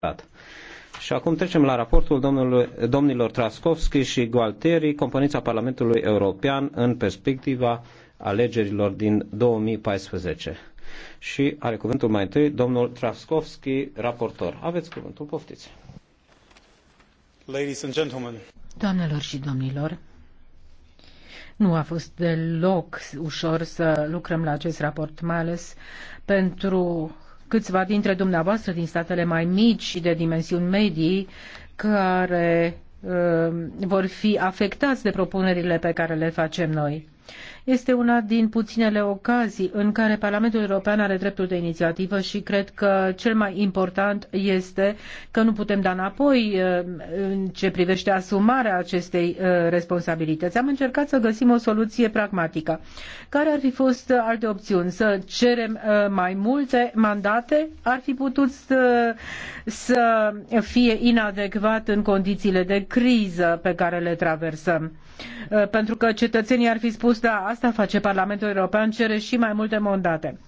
dat. Și acum trecem la raportul domnului, domnilor Traskovski și Gualtieri, componența Parlamentului European în perspectiva alegerilor din 2014. Și are cuvântul mai întâi domnul Traskovski, raportor. Aveți cuvântul, poftiți. Ladies and gentlemen. Doamnelor și domnilor, nu a fost deloc ușor să lucrăm la acest raport, mai ales pentru câțiva dintre dumneavoastră din statele mai mici și de dimensiuni medii care uh, vor fi afectați de propunerile pe care le facem noi. Este una din puținele ocazii în care Parlamentul European are dreptul de inițiativă și cred că cel mai important este că nu putem da înapoi uh, în ce privește asumarea acestei uh, responsabilități. Am încercat să găsim o soluție pragmatică. Care ar fi fost uh, alte opțiuni? Să cerem mai multe mandate? Ar fi putut să, să fie inadecvat în condițiile de criză pe care le traversăm. Pentru că cetățenii ar fi spus, da, asta face Parlamentul European, cere și mai multe mandate.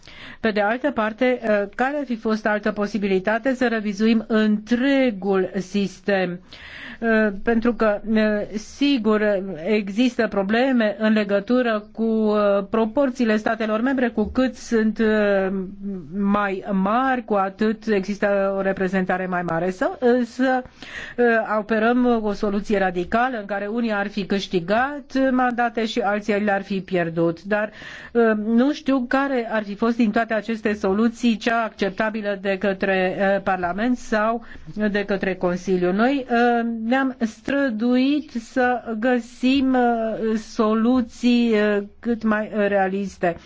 Pe de altă parte, uh, care ar fi fost altă posibilitate să revizuim întregul sistem? Uh, pentru că, uh, sigur, există probleme în legătură cu proporțiile statelor membre, cu cât sunt mai mari, cu atât există o reprezentare mai mare. Să, să operăm o soluție radicală în care unii ar fi câștigat mandate și alții le-ar fi pierdut pierdut, dar uh, nu știu care ar fi fost din toate aceste soluții cea acceptabilă de către uh, Parlament sau de către Consiliu. Noi uh, ne-am străduit să găsim soluții cât mai realiste.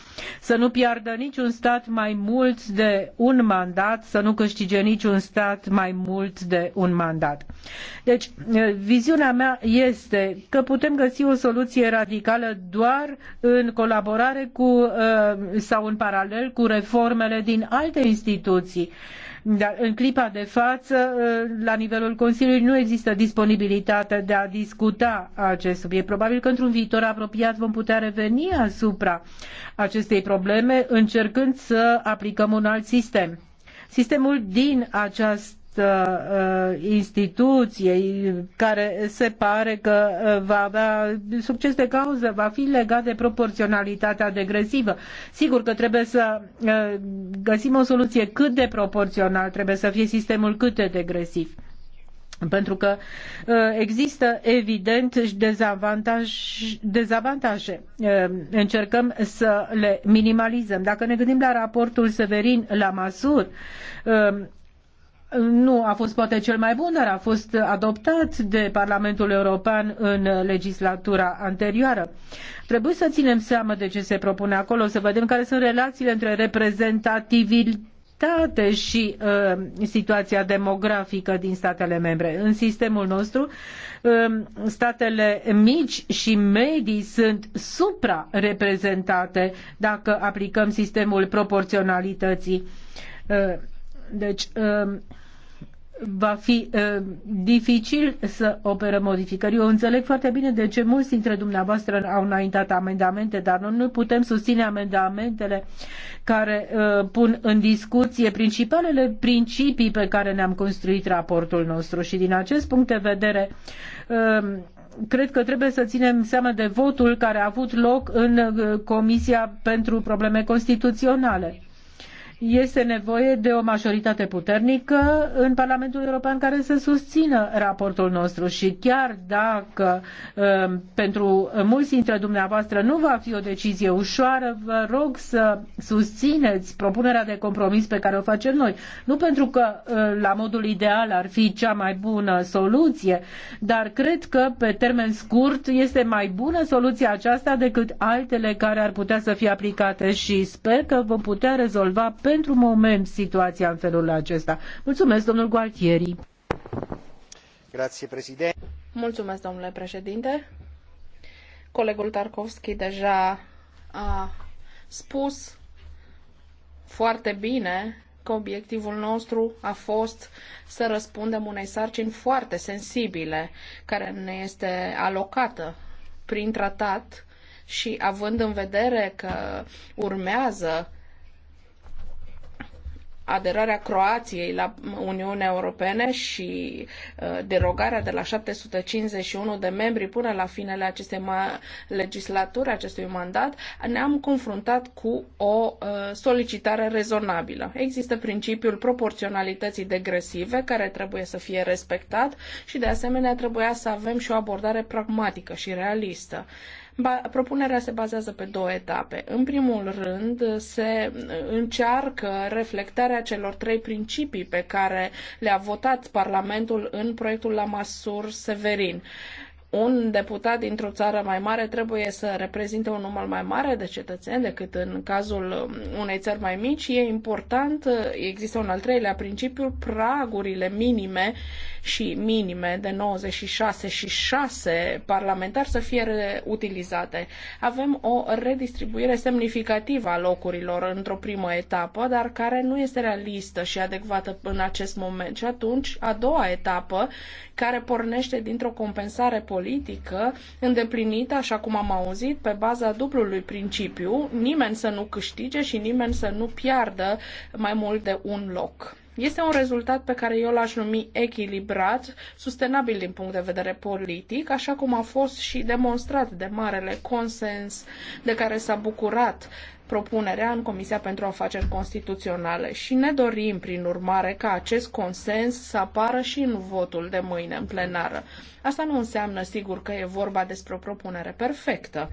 Să nu piardă niciun stat mai mult de un mandat, să nu câștige niciun stat mai mult de un mandat. Deci, viziunea mea este că putem găsi o soluție radicală doar în colaborare cu uh, sau în paralel cu reformele din alte instituții. Dar în clipa de față, uh, la nivelul Consiliului, nu există disponibilitate de a discuta acest subiect. Probabil că într-un viitor apropiat vom putea reveni asupra acestei probleme, încercând să aplicăm un alt sistem. Sistemul din această această uh, uh, instituție care se pare că uh, va avea succes de cauză, va fi legat de proporționalitatea degresivă. Sigur că trebuie să găsim o soluție cât de proporțional trebuie să fie sistemul cât de degresiv pentru că există evident dezavantaj, dezavantaje. Încercăm să le minimalizăm. Dacă ne gândim la raportul Severin la Masur, nu a fost poate cel mai bun, dar a fost adoptat de Parlamentul European în legislatura anterioară. Trebuie să ținem seama de ce se propune acolo, să vedem care sunt relațiile între reprezentativitate și uh, situația demografică din statele membre. În sistemul nostru, um, statele mici și medii sunt suprareprezentate dacă aplicăm sistemul proporționalității. Uh, deci, um, va fi uh, dificil să operăm modificări. Eu înțeleg foarte bine de ce mulți dintre dumneavoastră au înaintat amendamente, dar noi nu putem susține amendamentele care uh, pun în discuție principalele principii pe care ne-am construit raportul nostru și din acest punct de vedere uh, cred că trebuie să ținem seama de votul care a avut loc în uh, Comisia pentru Probleme Constituționale este nevoie de o majoritate puternică în Parlamentul European care să susțină raportul nostru și chiar dacă um, pentru mulți dintre dumneavoastră nu va fi o decizie ușoară, vă rog să susțineți propunerea de compromis pe care o facem noi. Nu pentru că uh, la modul ideal ar fi cea mai bună soluție, dar cred că pe termen scurt este mai bună soluția aceasta decât altele care ar putea să fie aplicate și sper că vom putea rezolva pe pentru moment situația în felul acesta. Mulțumesc, domnul Gualtieri. Grazie, președinte. Mulțumesc, domnule președinte. Colegul Tarkovski deja a spus foarte bine că obiectivul nostru a fost să răspundem unei sarcini foarte sensibile care ne este alocată prin tratat și având în vedere că urmează aderarea Croației la Uniunea Europeană și uh, derogarea de la 751 de membri până la finele acestei legislaturi, acestui mandat, ne-am confruntat cu o uh, solicitare rezonabilă. Există principiul proporționalității degresive care trebuie să fie respectat și de asemenea trebuia să avem și o abordare pragmatică și realistă. Ba, propunerea se bazează pe două etape. În primul rând, se încearcă reflectarea celor trei principii pe care le-a votat Parlamentul în proiectul la Masur Severin un deputat dintr-o țară mai mare trebuie să reprezinte un număr mai mare de cetățeni decât în cazul unei țări mai mici. E important, există un al treilea principiu, pragurile minime și minime de 96 și 6 parlamentari să fie utilizate. Avem o redistribuire semnificativă a locurilor într-o primă etapă, dar care nu este realistă și adecvată în acest moment. Și atunci, a doua etapă, care pornește dintr-o compensare politică îndeplinită, așa cum am auzit, pe baza dublului principiu, nimeni să nu câștige și nimeni să nu piardă mai mult de un loc. Este un rezultat pe care eu l-aș numi echilibrat, sustenabil din punct de vedere politic, așa cum a fost și demonstrat de marele consens de care s-a bucurat propunerea în Comisia pentru Afaceri Constituționale și ne dorim, prin urmare, ca acest consens să apară și în votul de mâine în plenară. Asta nu înseamnă, sigur, că e vorba despre o propunere perfectă.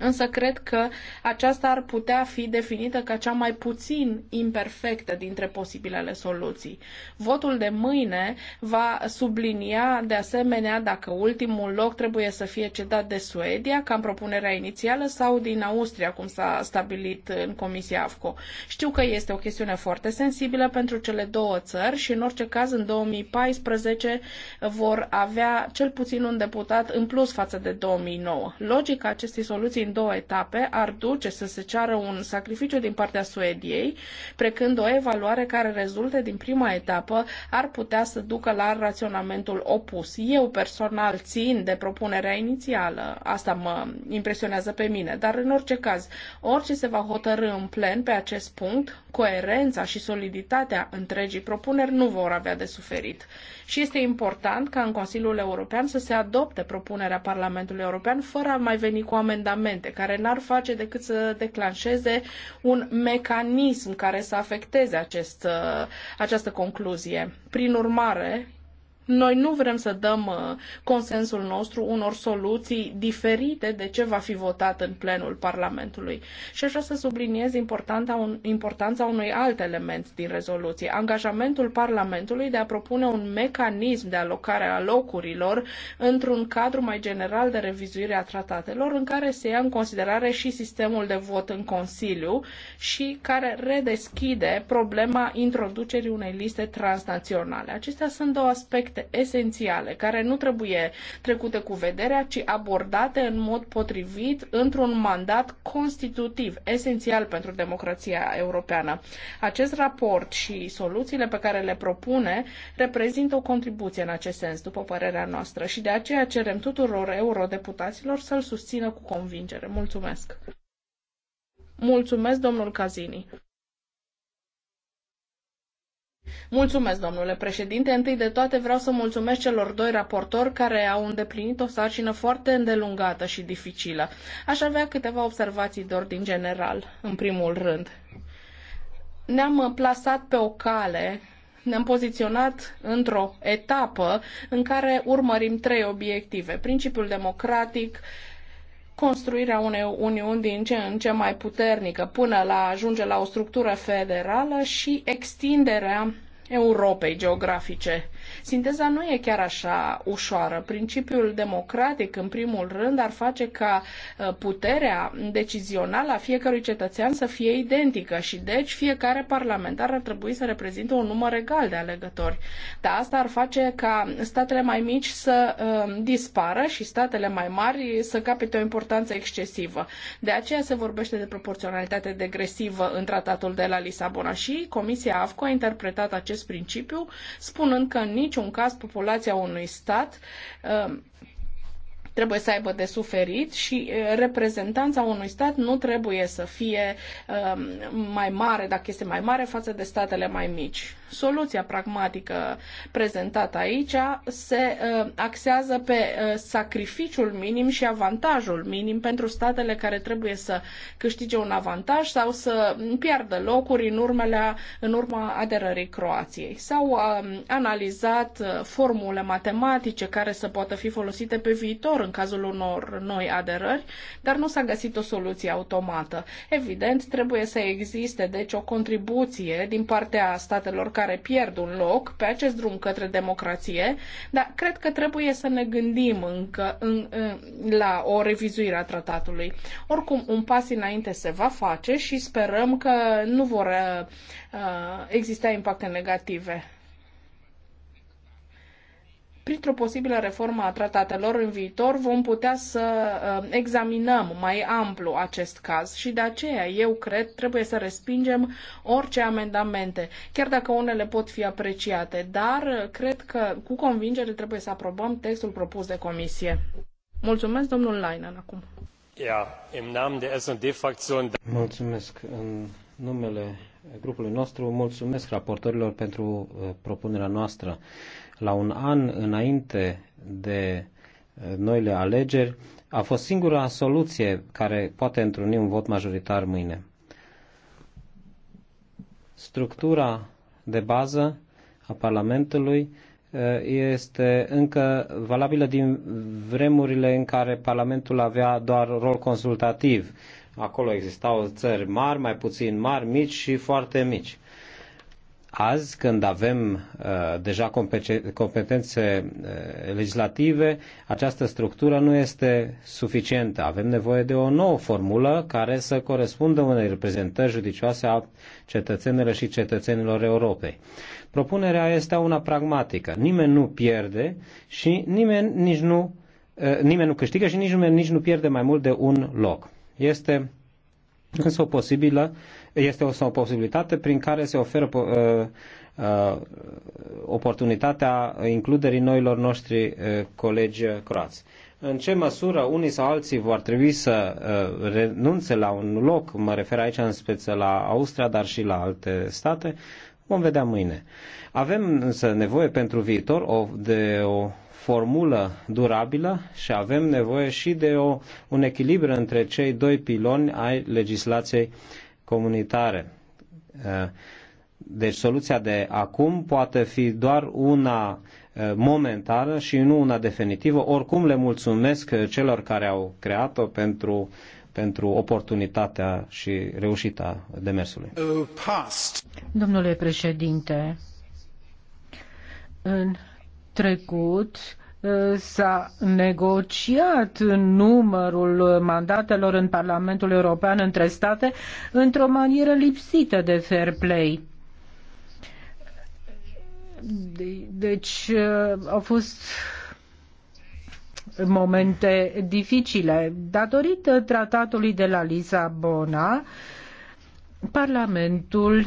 Însă cred că aceasta ar putea fi definită ca cea mai puțin imperfectă dintre posibilele soluții. Votul de mâine va sublinia de asemenea dacă ultimul loc trebuie să fie cedat de Suedia, ca în propunerea inițială, sau din Austria, cum s-a stabilit în Comisia AFCO. Știu că este o chestiune foarte sensibilă pentru cele două țări și în orice caz în 2014 vor avea cel puțin un deputat în plus față de 2009. Logica acestei soluții din două etape ar duce să se ceară un sacrificiu din partea Suediei, precând o evaluare care rezulte din prima etapă ar putea să ducă la raționamentul opus. Eu personal țin de propunerea inițială, asta mă impresionează pe mine, dar în orice caz, orice se va hotărâ în plen pe acest punct, coerența și soliditatea întregii propuneri nu vor avea de suferit și este important ca în Consiliul European să se adopte propunerea Parlamentului European fără a mai veni cu amendamente, care n-ar face decât să declanșeze un mecanism care să afecteze acest, uh, această concluzie. Prin urmare, noi nu vrem să dăm uh, consensul nostru unor soluții diferite de ce va fi votat în plenul Parlamentului. Și așa să subliniez importanța unui alt element din rezoluție, angajamentul Parlamentului de a propune un mecanism de alocare a locurilor într-un cadru mai general de revizuire a tratatelor în care se ia în considerare și sistemul de vot în Consiliu și care redeschide problema introducerii unei liste transnaționale. Acestea sunt două aspecte aspecte esențiale care nu trebuie trecute cu vederea, ci abordate în mod potrivit într-un mandat constitutiv, esențial pentru democrația europeană. Acest raport și soluțiile pe care le propune reprezintă o contribuție în acest sens, după părerea noastră, și de aceea cerem tuturor eurodeputaților să-l susțină cu convingere. Mulțumesc! Mulțumesc, domnul Cazini! Mulțumesc, domnule președinte. Întâi de toate vreau să mulțumesc celor doi raportori care au îndeplinit o sarcină foarte îndelungată și dificilă. Aș avea câteva observații de ordin general, în primul rând. Ne-am plasat pe o cale ne-am poziționat într-o etapă în care urmărim trei obiective. Principiul democratic, construirea unei uniuni din ce în ce mai puternică până la ajunge la o structură federală și extinderea Europei geografice. Sinteza nu e chiar așa ușoară. Principiul democratic, în primul rând, ar face ca ă, puterea decizională a fiecărui cetățean să fie identică și deci fiecare parlamentar ar trebui să reprezinte un număr egal de alegători. Dar asta ar face ca statele mai mici să uh, dispară și statele mai mari să capete o importanță excesivă. De aceea se vorbește de proporționalitate degresivă în tratatul de la Lisabona și Comisia AFCO a interpretat acest principiu spunând că în niciun caz populația unui stat uh, trebuie să aibă de suferit și uh, reprezentanța unui stat nu trebuie să fie uh, mai mare, dacă este mai mare, față de statele mai mici. Soluția pragmatică prezentată aici se uh, axează pe uh, sacrificiul minim și avantajul minim pentru statele care trebuie să câștige un avantaj sau să piardă locuri în, urmele, în urma aderării Croației. S-au uh, analizat formule matematice care să poată fi folosite pe viitor în cazul unor noi aderări, dar nu s-a găsit o soluție automată. Evident, trebuie să existe deci o contribuție din partea statelor care pierd un loc pe acest drum către democrație, dar cred că trebuie să ne gândim încă în, în, la o revizuire a tratatului. Oricum, un pas înainte se va face și sperăm că nu vor uh, exista impacte negative printr-o posibilă reformă a tratatelor în viitor vom putea să uh, examinăm mai amplu acest caz și de aceea eu cred trebuie să respingem orice amendamente, chiar dacă unele pot fi apreciate, dar cred că cu convingere trebuie să aprobăm textul propus de comisie. Mulțumesc, domnul Lainan acum. Mulțumesc în numele grupului nostru, mulțumesc raportorilor pentru uh, propunerea noastră la un an înainte de eh, noile alegeri, a fost singura soluție care poate întruni un vot majoritar mâine. Structura de bază a Parlamentului eh, este încă valabilă din vremurile în care Parlamentul avea doar rol consultativ. Acolo existau țări mari, mai puțin mari, mici și foarte mici. Azi, când avem uh, deja competențe uh, legislative, această structură nu este suficientă. Avem nevoie de o nouă formulă care să corespundă unei reprezentări judicioase a cetățenilor și cetățenilor Europei. Propunerea este una pragmatică. Nimeni nu pierde și nimeni nici nu, uh, nimeni nu câștigă și nimeni nici nu pierde mai mult de un loc. Este însă o posibilă este o posibilitate prin care se oferă uh, uh, oportunitatea includerii noilor noștri uh, colegi croați. În ce măsură unii sau alții vor trebui să renunțe la un loc, mă refer aici în speță la Austria, dar și la alte state, vom vedea mâine. Avem însă nevoie pentru viitor o, de o formulă durabilă și avem nevoie și de o, un echilibru între cei doi piloni ai legislației uh, comunitare. Deci soluția de acum poate fi doar una momentară și nu una definitivă. Oricum le mulțumesc celor care au creat-o pentru, pentru oportunitatea și reușita demersului. Uh, Domnule președinte, în trecut s-a negociat numărul mandatelor în Parlamentul European între state într-o manieră lipsită de fair play. Deci uh, au fost momente dificile. Datorită tratatului de la Lisabona, Parlamentul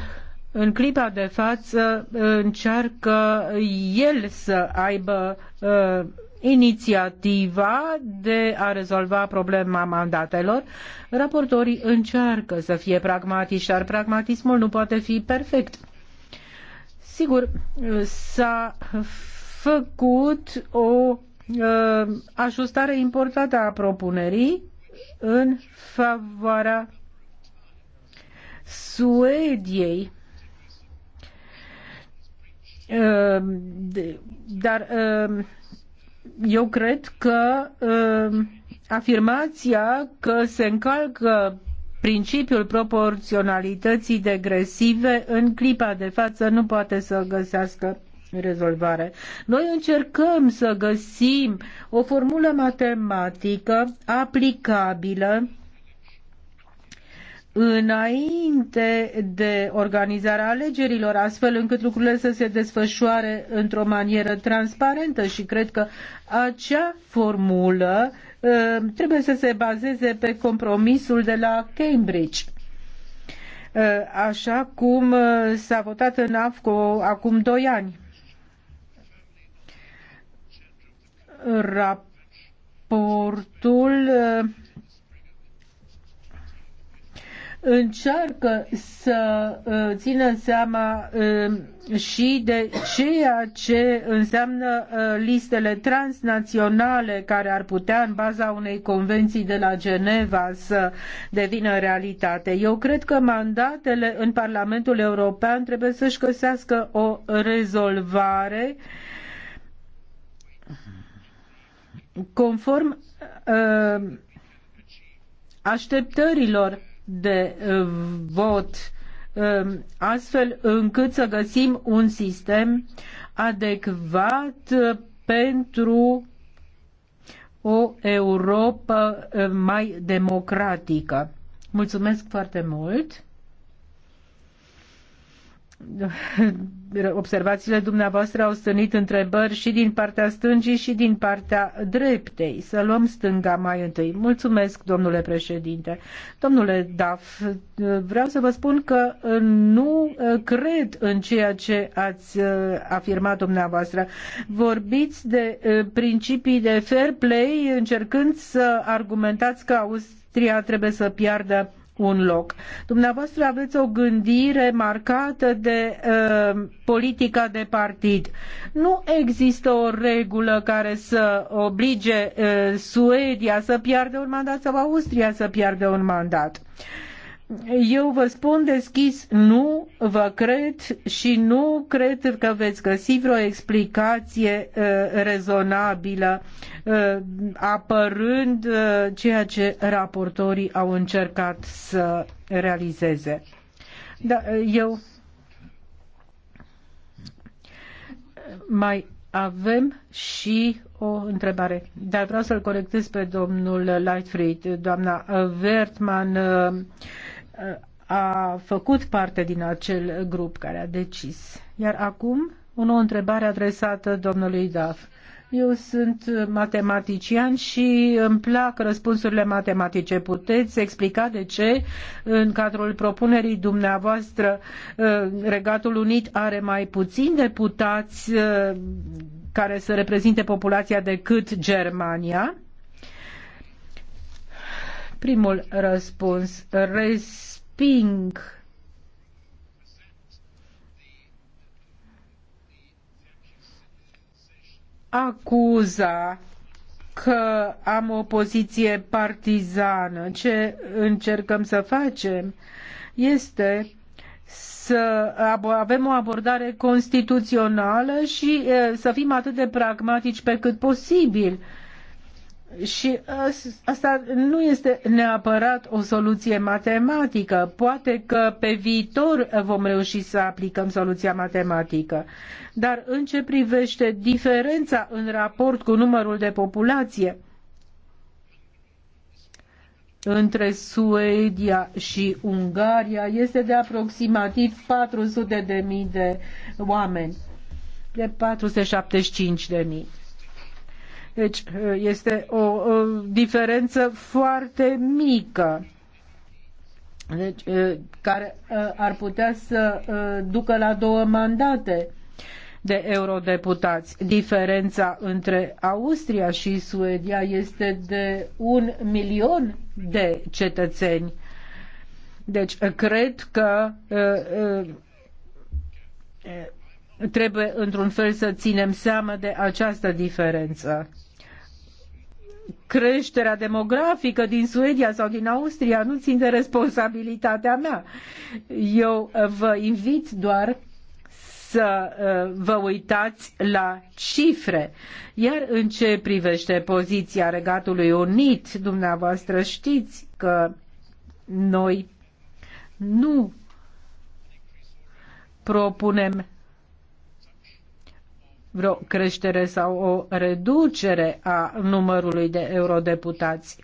în clipa de față uh, încearcă el să aibă uh, inițiativa de a rezolva problema mandatelor. Raportorii încearcă să fie pragmatici, dar pragmatismul nu poate fi perfect. Sigur, uh, s-a făcut o uh, ajustare importantă a propunerii în favoarea Suediei Ehm, dar ehm, eu cred că ehm, afirmația că se încalcă principiul proporționalității degresive în clipa de față nu poate să găsească rezolvare. Noi încercăm să găsim o formulă matematică aplicabilă înainte de organizarea alegerilor, astfel încât lucrurile să se desfășoare într-o manieră transparentă și cred că acea formulă ă, trebuie să se bazeze pe compromisul de la Cambridge ă, așa cum ă, s-a votat în AFCO acum doi ani. Raportul încearcă să uh, țină seama um, și de ceea ce înseamnă uh, listele transnaționale care ar putea în baza unei convenții de la Geneva să devină realitate. Eu cred că mandatele în Parlamentul European trebuie să-și găsească o rezolvare conform uh, așteptărilor de uh, vot um, astfel încât să găsim un sistem adecvat uh, pentru o Europa uh, mai democratică. Mulțumesc foarte mult! observațiile dumneavoastră au stănit întrebări și din partea stângii și din partea dreptei. Să luăm stânga mai întâi. Mulțumesc, domnule președinte. Domnule Daf, vreau să vă spun că nu uh, cred în ceea ce ați uh, afirmat dumneavoastră. Vorbiți de uh, principii de fair play încercând să argumentați că Austria trebuie să piardă un loc. Dumneavoastră aveți o gândire marcată de uh, politica de partid. Nu există o regulă care să oblige uh, Suedia să piardă un mandat sau Austria să piardă un mandat. Uh, eu vă spun deschis, nu vă cred și nu cred că veți găsi vreo explicație uh, rezonabilă uh, apărând uh, ceea ce raportorii au încercat să realizeze. Da, uh, eu mai avem și o întrebare, dar vreau să-l corectez pe domnul Lightfried. Doamna Wertmann uh, a făcut parte din acel grup care a decis. Iar acum, o nouă întrebare adresată domnului Daf. Eu sunt matematician și îmi plac răspunsurile matematice. Puteți explica de ce în cadrul propunerii dumneavoastră uh, Regatul Unit are mai puțin deputați uh, care să reprezinte populația decât Germania? Primul răspuns, resping acuza că am o poziție partizană. Ce încercăm să facem este să avem o abordare constituțională și să fim atât de pragmatici pe cât posibil și asta nu este neapărat o soluție matematică. Poate că pe viitor vom reuși să aplicăm soluția matematică. Dar în ce privește diferența în raport cu numărul de populație între Suedia și Ungaria este de aproximativ 400.000 de mii de oameni, de 475.000. De mii. Deci uh, este o, o diferență foarte mică deci, uh, care uh, ar putea să ducă la două mandate de eurodeputați. Diferența între Austria și Suedia este de un milion de cetățeni. Deci, cred că trebuie într-un fel să ținem seama de această diferență. Creșterea demografică din Suedia sau din Austria nu țin de responsabilitatea mea. Eu uh, vă invit doar să uh, vă uitați la cifre. Iar în ce privește poziția Regatului Unit, dumneavoastră știți că noi nu propunem vreo creștere sau o reducere a numărului de eurodeputați.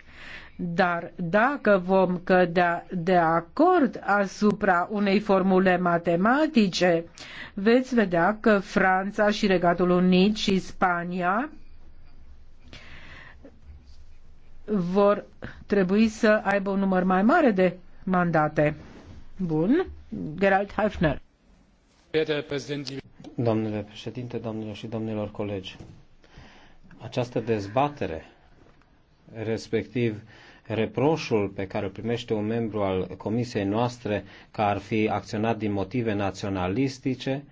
Dar dacă vom cădea de acord asupra unei formule matematice, veți vedea că Franța și Regatul Unit și Spania vor trebui să aibă un număr mai mare de mandate. Bun. Gerald Hefner. Domnule președinte, domnilor și domnilor colegi, această dezbatere, respectiv reproșul pe care îl primește un membru al comisiei noastre că ar fi acționat din motive naționalistice,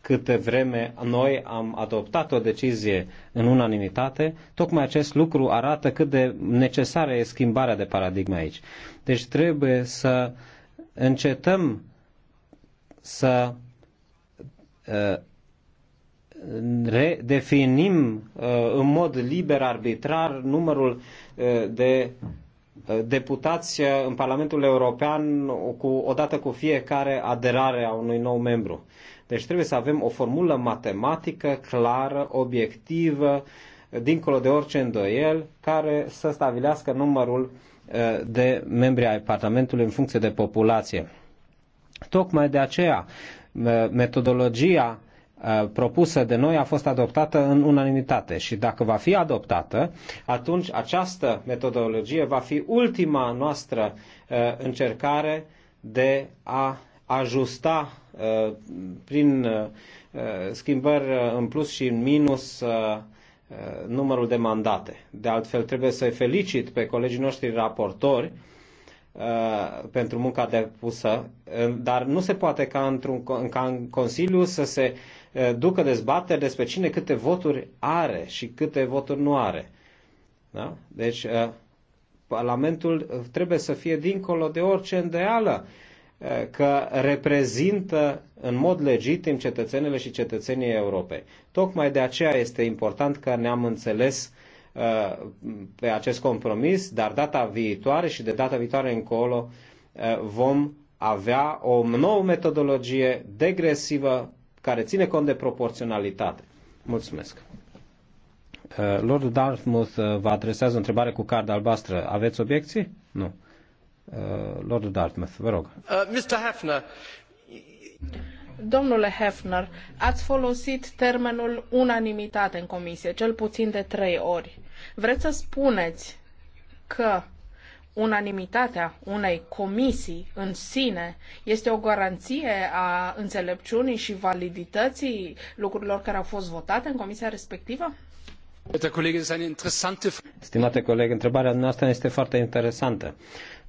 câte vreme noi am adoptat o decizie în unanimitate, tocmai acest lucru arată cât de necesară e schimbarea de paradigmă aici. Deci trebuie să încetăm să Uh, redefinim uh, în mod liber, arbitrar, numărul uh, de deputați în Parlamentul European cu, odată cu fiecare aderare a unui nou membru. Deci trebuie să avem o formulă matematică clară, obiectivă, dincolo de orice îndoiel, care să stabilească numărul de membri ai Parlamentului în funcție de populație. Tocmai de aceea metodologia uh, propusă de noi a fost adoptată în unanimitate și dacă va fi adoptată, atunci această metodologie va fi ultima noastră uh, încercare de a ajusta uh, prin schimbări în plus și în minus numărul de mandate. De altfel, trebuie să-i felicit pe colegii noștri raportori Uh, pentru munca depusă, uh, dar nu se poate ca, într-un, ca în Consiliu să se uh, ducă dezbateri despre cine câte voturi are și câte voturi nu are. Da? Deci, Parlamentul trebuie să fie dincolo de orice îndeală că reprezintă în mod legitim cetățenele și cetățenii Europei. Tocmai de aceea este important că ne-am înțeles Uh, pe acest compromis, dar data viitoare și de data viitoare încolo uh, vom avea o nouă metodologie degresivă care ține cont de proporționalitate. Mulțumesc. Uh, Lord Dartmouth vă adresează o întrebare cu card albastră. Aveți obiecții? Nu. Lord Dartmouth, vă rog. Uh, Mr. Hefner, Domnule Hefner, ați folosit termenul unanimitate în comisie, cel puțin de trei ori. Vreți să spuneți că unanimitatea unei comisii în sine este o garanție a înțelepciunii și validității lucrurilor care au fost votate în comisia respectivă? Stimate coleg, întrebarea noastră este foarte interesantă,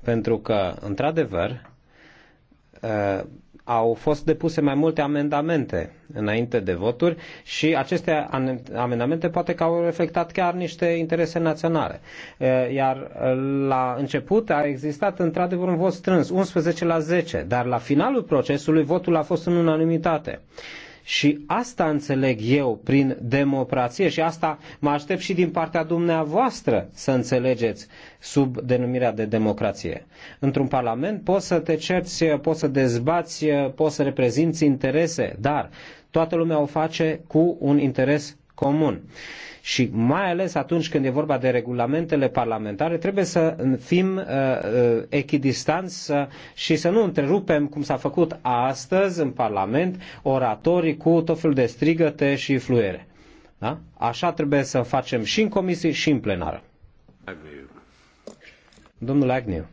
pentru că, într-adevăr, au fost depuse mai multe amendamente înainte de voturi și aceste amendamente poate că au reflectat chiar niște interese naționale. Iar la început a existat într-adevăr un vot strâns, 11 la 10, dar la finalul procesului votul a fost în unanimitate. Și asta înțeleg eu prin democrație și asta mă aștept și din partea dumneavoastră să înțelegeți sub denumirea de democrație. Într-un parlament poți să te cerți, poți să dezbați, poți să reprezinți interese, dar toată lumea o face cu un interes comun și mai ales atunci când e vorba de regulamentele parlamentare, trebuie să fim uh, uh, echidistanți și să nu întrerupem, cum s-a făcut astăzi în Parlament, oratorii cu tot felul de strigăte și fluiere. Da? Așa trebuie să facem și în comisii și în plenară. Agnew. Domnul Agnew.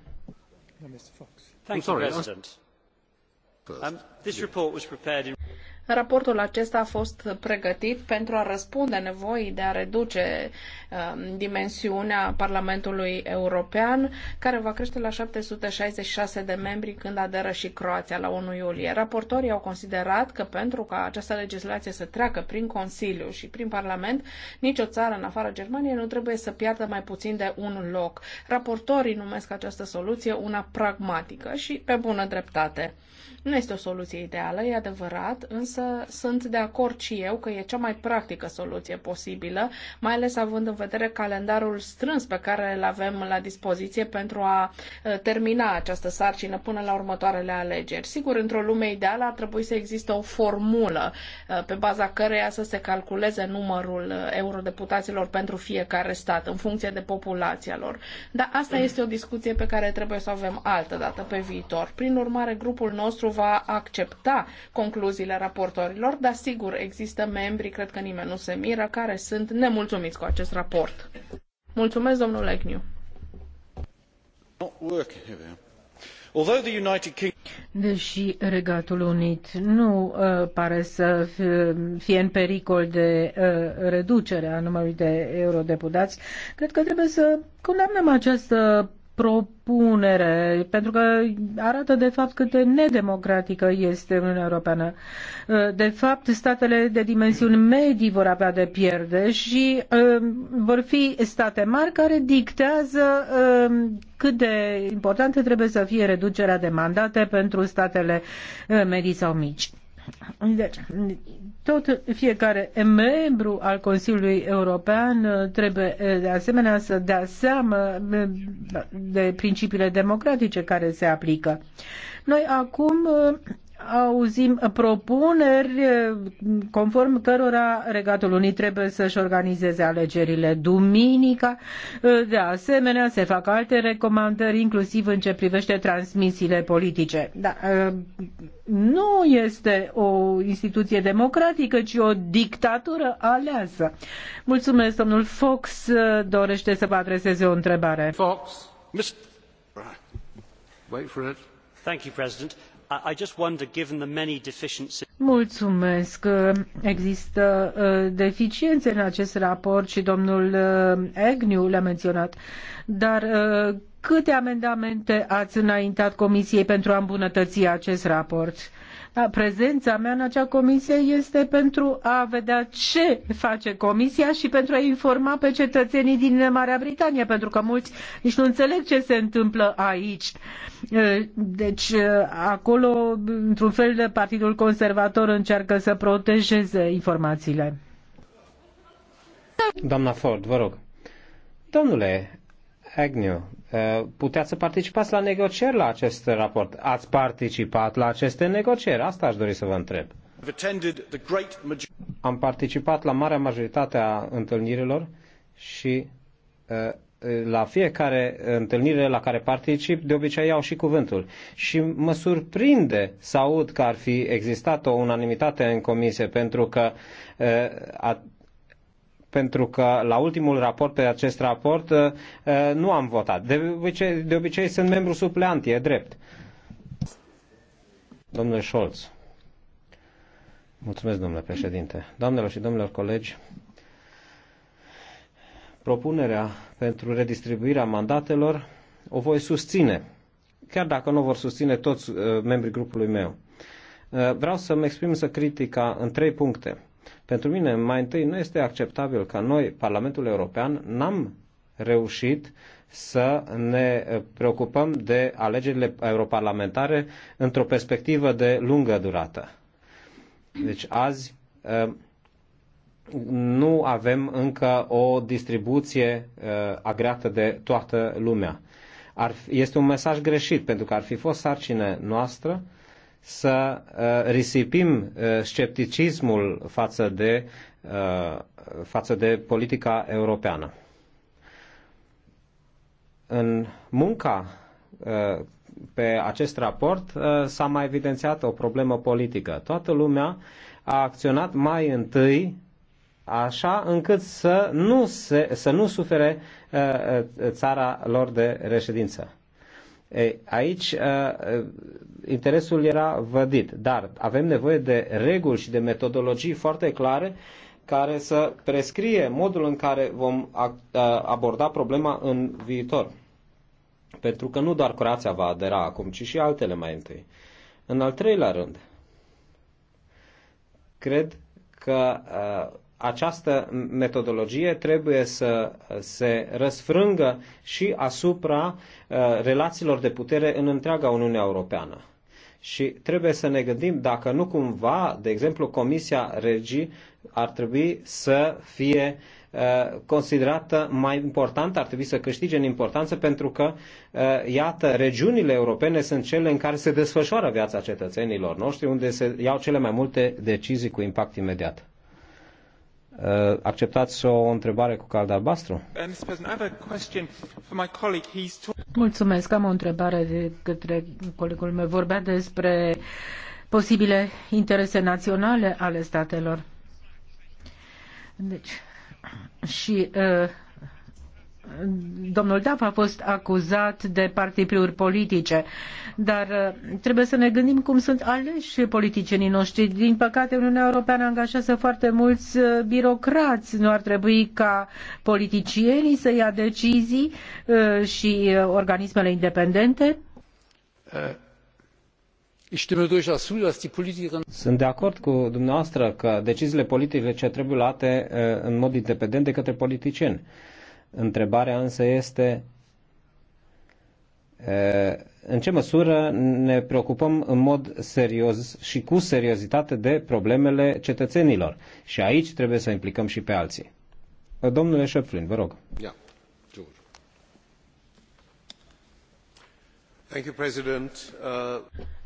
Thank you, President. Um, this report was prepared in... Raportul acesta a fost pregătit pentru a răspunde nevoii de a reduce um, dimensiunea Parlamentului European, care va crește la 766 de membri când aderă și Croația la 1 iulie. Raportorii au considerat că pentru ca această legislație să treacă prin Consiliu și prin Parlament, nicio țară în afara Germaniei nu trebuie să piardă mai puțin de un loc. Raportorii numesc această soluție una pragmatică și pe bună dreptate. Nu este o soluție ideală, e adevărat, însă sunt de acord și eu că e cea mai practică soluție posibilă, mai ales având în vedere calendarul strâns pe care îl avem la dispoziție pentru a uh, termina această sarcină până la următoarele alegeri. Sigur, într-o lume ideală ar trebui să existe o formulă uh, pe baza căreia să se calculeze numărul uh, eurodeputaților pentru fiecare stat, în funcție de populația lor. Dar asta este o discuție pe care trebuie să o avem altă dată pe viitor. Prin urmare, grupul nostru nostru va accepta concluziile raportorilor, dar sigur există membri, cred că nimeni nu se miră, care sunt nemulțumiți cu acest raport. Mulțumesc, domnule Legniu. Deși Regatul Unit nu uh, pare să fie în pericol de uh, reducere a numărului de eurodeputați, cred că trebuie să condamnăm această propunere, pentru că arată de fapt cât de nedemocratică este Uniunea Europeană. De fapt, statele de dimensiuni medii vor avea de pierde și um, vor fi state mari care dictează um, cât de importantă trebuie să fie reducerea de mandate pentru statele uh, medii sau mici. Deci, tot fiecare membru al Consiliului European uh, trebuie uh, de asemenea să dea seama uh, de principiile democratice care se aplică. Noi acum auzim propuneri eh, conform cărora Regatul Unit trebuie să-și organizeze alegerile duminica. Eh, de asemenea, se fac alte recomandări, inclusiv în ce privește transmisiile politice. Da, eh, nu este o instituție democratică, ci o dictatură aleasă. Mulțumesc, domnul Fox dorește să vă adreseze o întrebare. Fox, Mr. Right. Wait for it. Thank you, President. Mulțumesc. Există uh, deficiențe în acest raport și domnul uh, Agnew le-a menționat. Dar uh, câte amendamente ați înaintat Comisiei pentru a îmbunătăți acest raport? Prezența mea în acea comisie este pentru a vedea ce face comisia și pentru a informa pe cetățenii din Marea Britanie, pentru că mulți nici nu înțeleg ce se întâmplă aici. Deci, acolo, într-un fel, Partidul Conservator încearcă să protejeze informațiile. Doamna Ford, vă rog. Domnule Agnew, Eh, puteați să participați la negocieri la acest raport. Ați participat la aceste negocieri? Asta aș dori să vă întreb. Am participat la marea majoritate a întâlnirilor și eh, eh, la fiecare întâlnire la care particip, de obicei iau și cuvântul. Și mă surprinde să aud că ar fi existat o unanimitate în comisie, pentru că pentru că la ultimul raport pe acest raport uh, uh, nu am votat. De obicei, de obicei sunt membru supleant, e drept. Domnule Scholz. Mulțumesc, domnule președinte. Doamnelor și domnilor colegi, propunerea pentru redistribuirea mandatelor o voi susține, chiar dacă nu o vor susține toți uh, membrii grupului meu. Uh, vreau să-mi exprim să critica în trei puncte. Pentru mine, mai întâi, nu este acceptabil ca noi, Parlamentul European, n-am reușit să ne preocupăm de alegerile europarlamentare într-o perspectivă de lungă durată. Deci azi uh, nu avem încă o distribuție uh, agreată de toată lumea. Ar, este un mesaj greșit, pentru că ar fi fost sarcină noastră să uh, risipim uh, scepticismul față de, uh, față de politica europeană. În munca pe acest raport s-a mai evidențiat o problemă politică. Toată lumea a acționat mai întâi așa încât să nu, se, să nu sufere țara lor de reședință. Aici uh, uh, interesul era vădit, dar avem nevoie de reguli și de metodologii foarte clare care să prescrie modul în care vom uh, aborda problema în viitor. Pentru că nu doar Croația va adera acum, ci și altele mai întâi. În al treilea rând, cred că uh, această metodologie trebuie să se răsfrângă și asupra uh, relațiilor de putere în întreaga Uniunea Europeană. Și trebuie să ne gândim dacă nu cumva, de exemplu, Comisia Regii ar trebui să fie uh, considerată mai importantă, ar trebui să câștige în importanță pentru că, uh, iată, regiunile europene sunt cele în care se desfășoară viața cetățenilor noștri, unde se iau cele mai multe decizii cu impact imediat. Uh, acceptați o întrebare cu cald albastru? Mulțumesc, am o întrebare de către colegul meu. Vorbea despre posibile interese naționale ale statelor. Deci, și uh, domnul Daf a fost acuzat de partipriuri politice, dar uh, trebuie să ne gândim cum sunt aleși politicienii noștri. Din păcate, Uniunea Europeană angajează foarte mulți uh, birocrați. Nu ar trebui ca politicienii să ia decizii uh, și organismele independente? Sunt de acord cu dumneavoastră că deciziile politice trebuie luate în mod independent de către politicieni Întrebarea însă este în ce măsură ne preocupăm în mod serios și cu seriozitate de problemele cetățenilor. Și aici trebuie să implicăm și pe alții. Domnule Șepflin, vă rog. Yeah. Uh,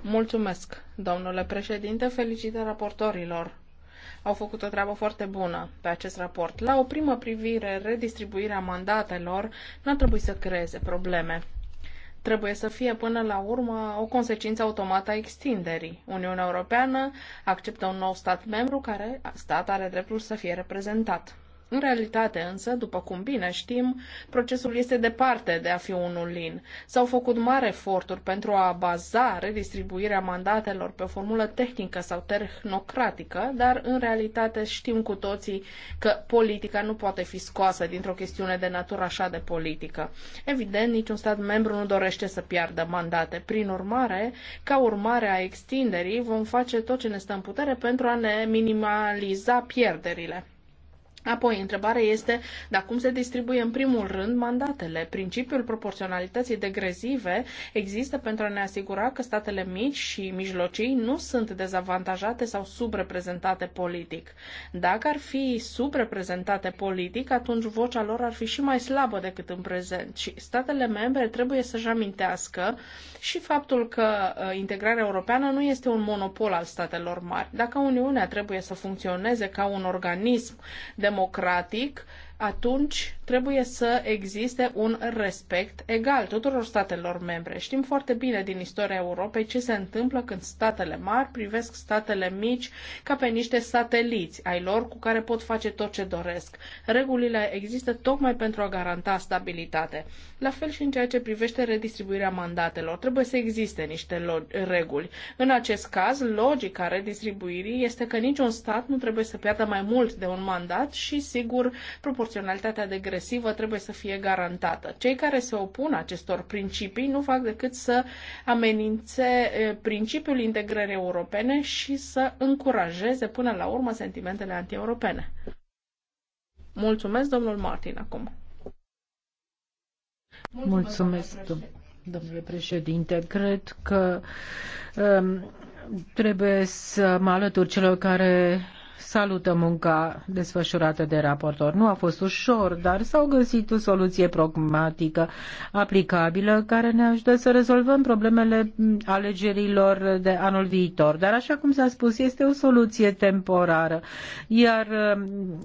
Mulțumesc, domnule președinte. Felicitări raportorilor au făcut o treabă foarte bună pe acest raport. La o primă privire, redistribuirea mandatelor nu ar trebui să creeze probleme. Trebuie să fie până la urmă o consecință automată a extinderii. Uniunea Europeană acceptă un nou stat membru care stat are dreptul să fie reprezentat. În realitate însă, după cum bine știm, procesul este departe de a fi unul lin. S-au făcut mari eforturi pentru a baza redistribuirea mandatelor pe o formulă tehnică sau tehnocratică, dar în realitate știm cu toții că politica nu poate fi scoasă dintr-o chestiune de natură așa de politică. Evident, niciun stat membru nu dorește să piardă mandate. Prin urmare, ca urmare a extinderii, vom face tot ce ne stă în putere pentru a ne minimaliza pierderile. Apoi, întrebarea este dacă cum se distribuie în primul rând mandatele. Principiul proporționalității degrezive există pentru a ne asigura că statele mici și mijlocii nu sunt dezavantajate sau subreprezentate politic. Dacă ar fi subreprezentate politic, atunci vocea lor ar fi și mai slabă decât în prezent și statele membre trebuie să-și amintească și faptul că uh, integrarea europeană nu este un monopol al statelor mari. Dacă Uniunea trebuie să funcționeze ca un organism de democratic, atunci trebuie să existe un respect egal tuturor statelor membre. Știm foarte bine din istoria Europei ce se întâmplă când statele mari privesc statele mici ca pe niște sateliți ai lor cu care pot face tot ce doresc. Regulile există tocmai pentru a garanta stabilitate. La fel și în ceea ce privește redistribuirea mandatelor, trebuie să existe niște reguli. În acest caz, logica redistribuirii este că niciun stat nu trebuie să piardă mai mult de un mandat și, sigur, proporționalitatea de greșeală progresivă trebuie să fie garantată. Cei care se opun acestor principii nu fac decât să amenințe eh, principiul integrării europene și să încurajeze până la urmă sentimentele antieuropene. Mulțumesc, domnul Martin, acum. Mulțumesc, Mulțumesc domnule, domnule președinte. Cred că um, trebuie să mă alătur celor care salută munca desfășurată de raportor. Nu a fost ușor, dar s-au găsit o soluție pragmatică, aplicabilă, care ne ajută să rezolvăm problemele alegerilor de anul viitor. Dar, așa cum s-a spus, este o soluție temporară. Iar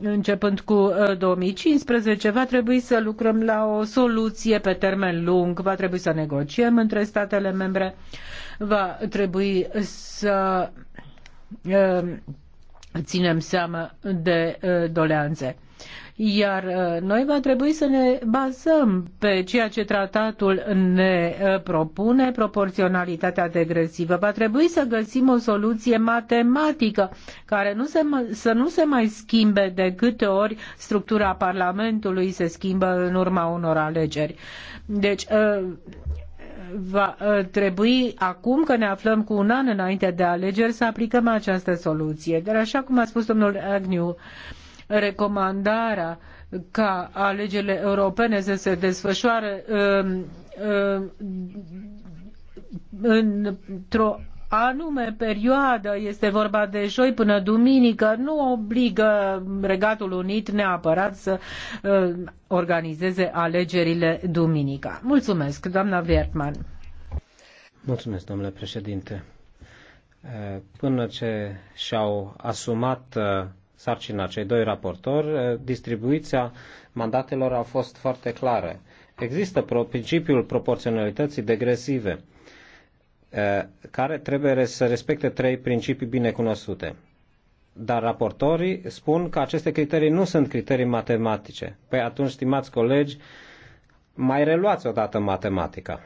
începând cu 2015, uh, va trebui să lucrăm la o soluție pe termen lung, va trebui să negociem între statele membre, va trebui să uh, ținem seama de uh, doleanțe. Iar uh, noi va trebui să ne bazăm pe ceea ce tratatul ne uh, propune, proporționalitatea degresivă. Va trebui să găsim o soluție matematică care nu se, să nu se mai schimbe de câte ori structura Parlamentului se schimbă în urma unor alegeri. Deci va ă, trebui acum că ne aflăm cu un an înainte de alegeri să aplicăm această soluție. Dar așa cum a spus domnul Agnew, recomandarea ca alegerile europene să se desfășoare ă, ă, într-o anume perioadă, este vorba de joi până duminică, nu obligă Regatul Unit neapărat să uh, organizeze alegerile duminica. Mulțumesc, doamna Wertmann. Mulțumesc, domnule președinte. Uh, până ce și-au asumat uh, sarcina cei doi raportori, uh, distribuția mandatelor a fost foarte clară. Există principiul proporționalității degresive Eh, care trebuie să respecte trei principii bine cunoscute. Dar raportorii spun că aceste criterii nu sunt criterii matematice. Păi atunci, stimați colegi, mai reluați odată matematica.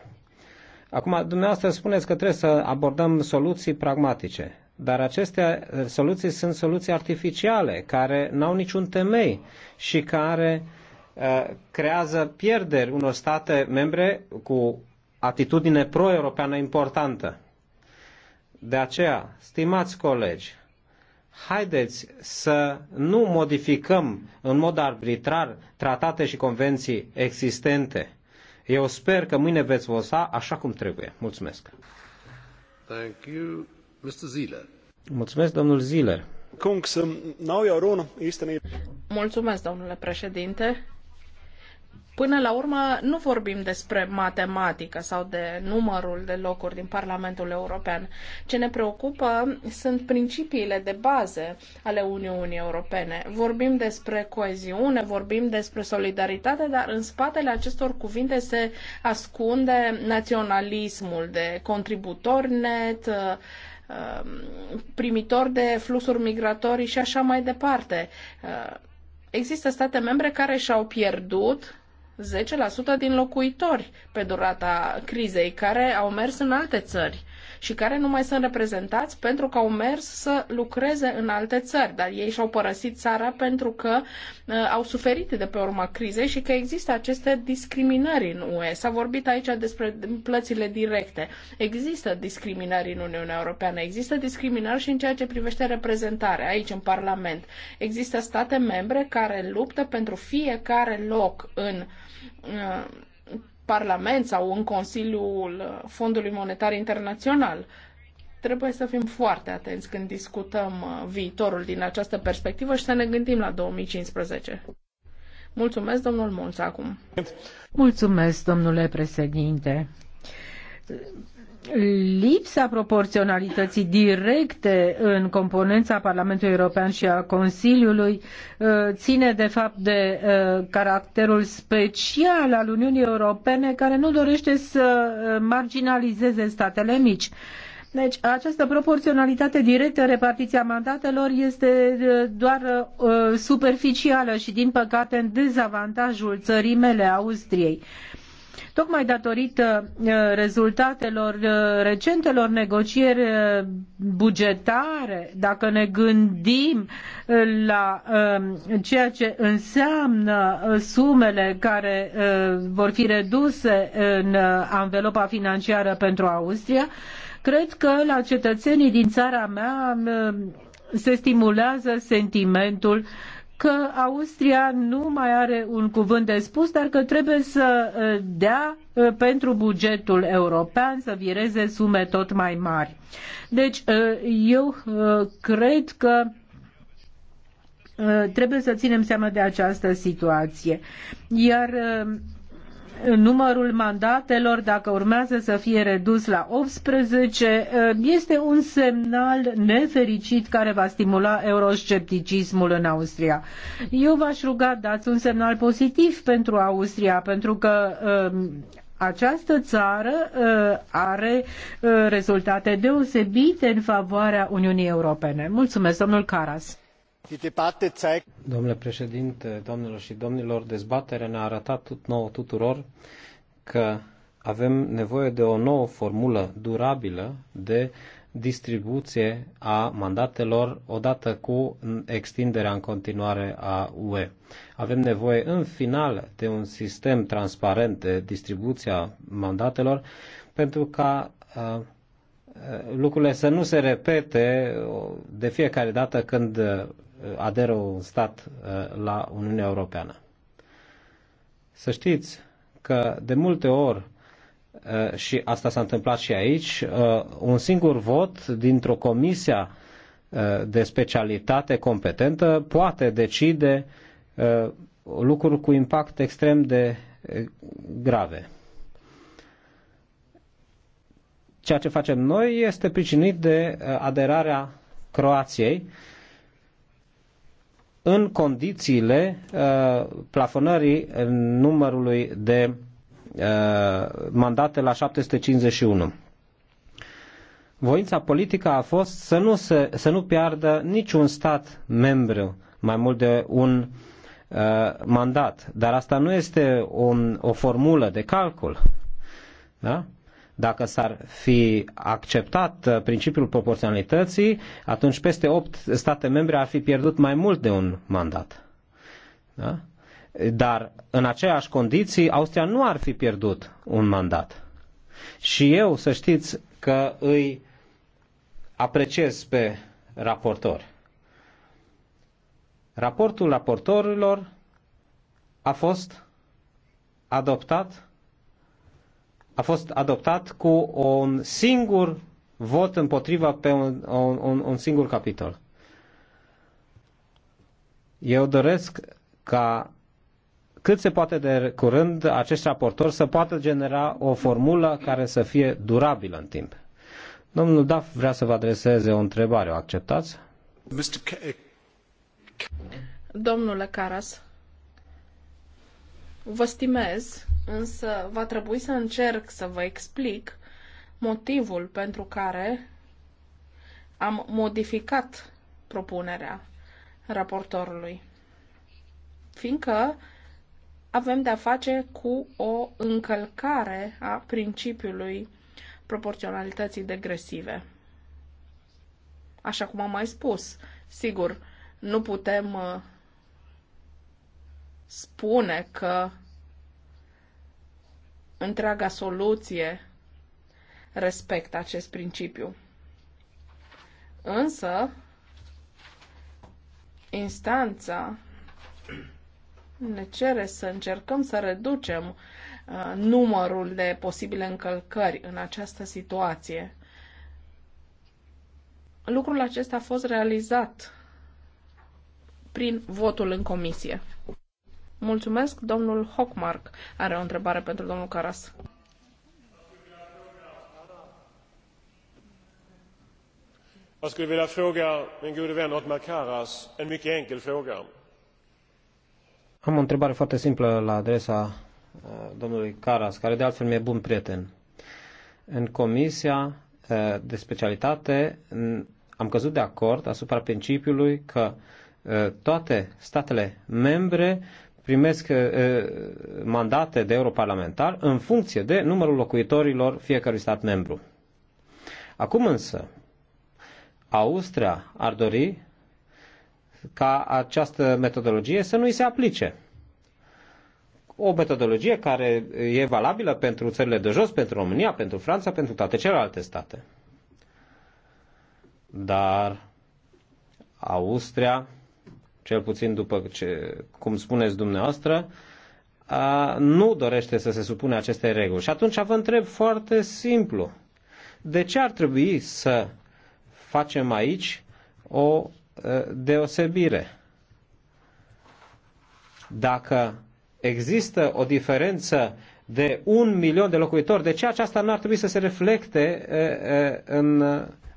Acum, dumneavoastră spuneți că trebuie să abordăm soluții pragmatice, dar aceste eh, soluții sunt soluții artificiale, care n-au niciun temei și care uh, creează pierderi unor state membre cu atitudine pro-europeană importantă. De aceea, stimați colegi, haideți să nu modificăm în mod arbitrar tratate și convenții existente. Eu sper că mâine veți vota așa cum trebuie. Mulțumesc. Thank you, Mr. Ziller. Mulțumesc, domnul Ziller. Um, er Mulțumesc, domnule președinte Până la urmă, nu vorbim despre matematică sau de numărul de locuri din Parlamentul European. Ce ne preocupă sunt principiile de bază ale Uniunii Europene. Vorbim despre coeziune, vorbim despre solidaritate, dar în spatele acestor cuvinte se ascunde naționalismul de contributor net, uh, um, primitor de fluxuri migratorii și așa mai departe. Uh, există state membre care și-au pierdut 10% din locuitori pe durata crizei, care au mers în alte țări și care nu mai sunt reprezentați pentru că au mers să lucreze în alte țări, dar ei și-au părăsit țara pentru că uh, au suferit de pe urma crizei și că există aceste discriminări în UE. S-a vorbit aici despre plățile directe. Există discriminări în Uniunea Europeană, există discriminări și în ceea ce privește reprezentarea aici în Parlament. Există state membre care luptă pentru fiecare loc în uh, Uh, Parlament sau în Consiliul Fondului Monetar Internațional. Trebuie să fim foarte atenți când discutăm uh, viitorul din această perspectivă și să ne gândim la 2015. Mulțumesc, domnul Mulț, acum. Mulțumesc, domnule președinte lipsa proporționalității directe în componența Parlamentului European și a Consiliului uh, ține de fapt de uh, caracterul special al Uniunii Europene care nu dorește să uh, marginalizeze statele mici. Deci această proporționalitate directă în repartiția mandatelor este doar superficială și din păcate în dezavantajul țării mele, Austriei. Tocmai datorită uh, rezultatelor uh, recentelor negocieri uh, bugetare, dacă ne gândim la ceea ce înseamnă sumele care vor fi reduse în anvelopa financiară pentru Austria, cred că la cetățenii din țara mea se stimulează sentimentul că Austria nu mai are un cuvânt de spus, dar că trebuie să uh, dea uh, pentru bugetul european să vireze sume tot mai mari. Deci uh, eu cred că trebuie să ținem seama de această situație. Iar numărul mandatelor, dacă urmează să fie redus la 18, eh, este un semnal nefericit care va stimula euroscepticismul în Austria. Eu v-aș ruga, dați un semnal pozitiv pentru Austria, pentru că eh, această țară eh, are rezultate deosebite în favoarea Uniunii Europene. Mulțumesc, domnul Caras. Domnule președinte, domnilor și domnilor, dezbaterea ne-a arătat nouă tuturor că avem nevoie de o nouă formulă durabilă de distribuție a mandatelor odată cu extinderea în continuare a UE. Avem nevoie în final de un sistem transparent de distribuție a mandatelor pentru ca lucrurile să nu se repete de fiecare dată când aderă un stat uh, la Uniunea Europeană. Să știți că de multe ori uh, și asta s-a întâmplat și aici, uh, un singur vot dintr-o comisia de specialitate competentă poate decide lucruri cu impact extrem de grave. Ceea ce facem noi este pricinit de aderarea Croației în condițiile uh, plafonării uh, numărului de uh, mandate la 751. Voința politică a fost să nu, se, să nu piardă niciun stat membru mai mult de un mandat. Dar asta nu este un, o formulă de calcul. Da? Dacă s-ar fi acceptat uh, principiul proporționalității, atunci peste 8 state membre ar fi pierdut mai mult de un mandat. Da? Dar în aceeași condiții, Austria nu ar fi pierdut un mandat. Și eu să știți că îi apreciez pe raportor. Raportul raportorilor a fost adoptat a fost adoptat cu un singur vot împotriva pe un, un, un singur capitol. Eu doresc ca cât se poate de curând acest raportor să poată genera o formulă care să fie durabilă în timp. Domnul Daf vrea să vă adreseze o întrebare. O acceptați? Domnule Caras, vă stimez însă va trebui să încerc să vă explic motivul pentru care am modificat propunerea raportorului. Fiindcă avem de-a face cu o încălcare a principiului proporționalității degresive. Așa cum am mai spus, sigur, nu putem uh, spune că întreaga soluție respectă acest principiu. Însă, instanța ne cere să încercăm să reducem uh, numărul de posibile încălcări în această situație. Lucrul acesta a fost realizat prin votul în comisie. Mulțumesc. Domnul Hockmark are o întrebare pentru domnul Caras. Jag skulle vilja fråga min gode vän Otmar Karas en mycket enkel fråga. Am o întrebare foarte simplă la adresa eh, domnului Caras, care de altfel mi-e bun prieten. În comisia eh, de specialitate am căzut de acord asupra principiului că eh, toate statele membre primesc mandate de europarlamentar în funcție de numărul locuitorilor fiecărui stat membru. Acum însă, Austria ar dori ca această metodologie să nu îi se aplice. O metodologie care e valabilă pentru țările de jos, pentru România, pentru Franța, pentru toate celelalte state. Dar Austria cel puțin după ce, cum spuneți dumneavoastră, a, nu dorește să se supune aceste reguli. Și atunci vă întreb foarte simplu. De ce ar trebui să facem aici o deosebire? Dacă există o diferență de un milion de locuitori, de ce aceasta nu ar trebui să se reflecte în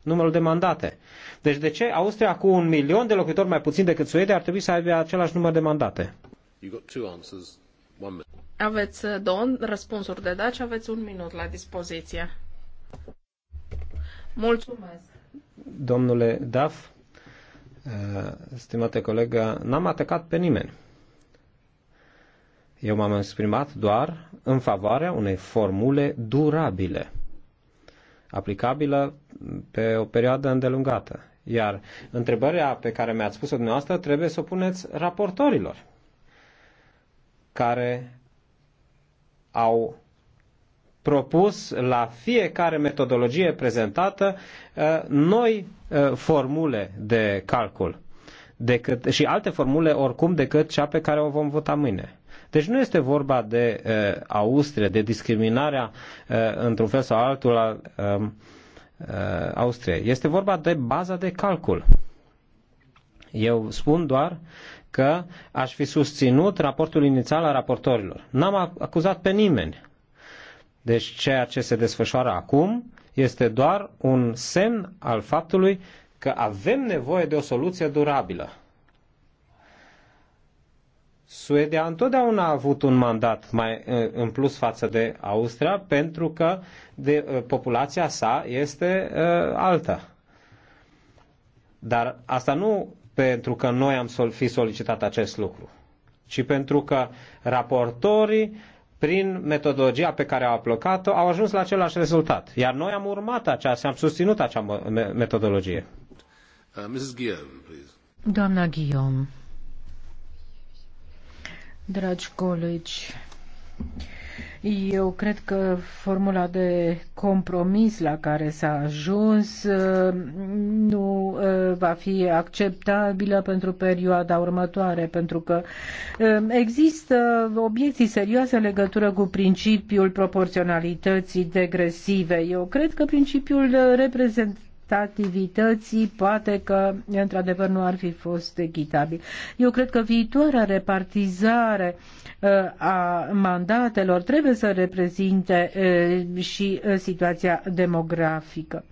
numărul de mandate? Deci de ce Austria cu un milion de locuitori mai puțin decât Suedia ar trebui să aibă același număr de mandate? Aveți uh, două răspunsuri de dat și aveți un minut la dispoziție. Mulțumesc. Domnule Daf, uh, stimate colegă, n-am atacat pe nimeni. Eu m-am exprimat doar în favoarea unei formule durabile, aplicabilă pe o perioadă îndelungată. Iar întrebarea pe care mi-ați spus-o dumneavoastră trebuie să o puneți raportorilor care au propus la fiecare metodologie prezentată uh, noi uh, formule de calcul decât, și alte formule oricum decât cea pe care o vom vota mâine. Deci nu este vorba de uh, Austria, de discriminarea uh, într-un fel sau altul a uh, Uh, Austria. Este vorba de baza de calcul. Eu spun doar că aș fi susținut raportul inițial al raportorilor. N-am acuzat pe nimeni. Deci ceea ce se desfășoară acum este doar un semn al faptului că avem nevoie de o soluție durabilă. Suedia întotdeauna a avut un mandat mai în plus față de Austria pentru că de, populația sa este alta. Dar asta nu pentru că noi am fi solicitat acest lucru, ci pentru că raportorii, prin metodologia pe care au aplicat-o, au ajuns la același rezultat. Iar noi am urmat aceasta, am susținut acea metodologie. Uh, Mrs. Guillaume, please. Doamna Guillaume. Dragi colegi, eu cred că formula de compromis la care s-a ajuns uh, nu uh, va fi acceptabilă pentru perioada următoare, pentru că uh, există obiecții serioase în legătură cu principiul proporționalității degresive. Eu cred că principiul reprezentativ activității, poate că într-adevăr nu ar fi fost echitabil. Eu cred că viitoarea repartizare uh, a mandatelor trebuie să reprezinte uh, și uh, situația demografică.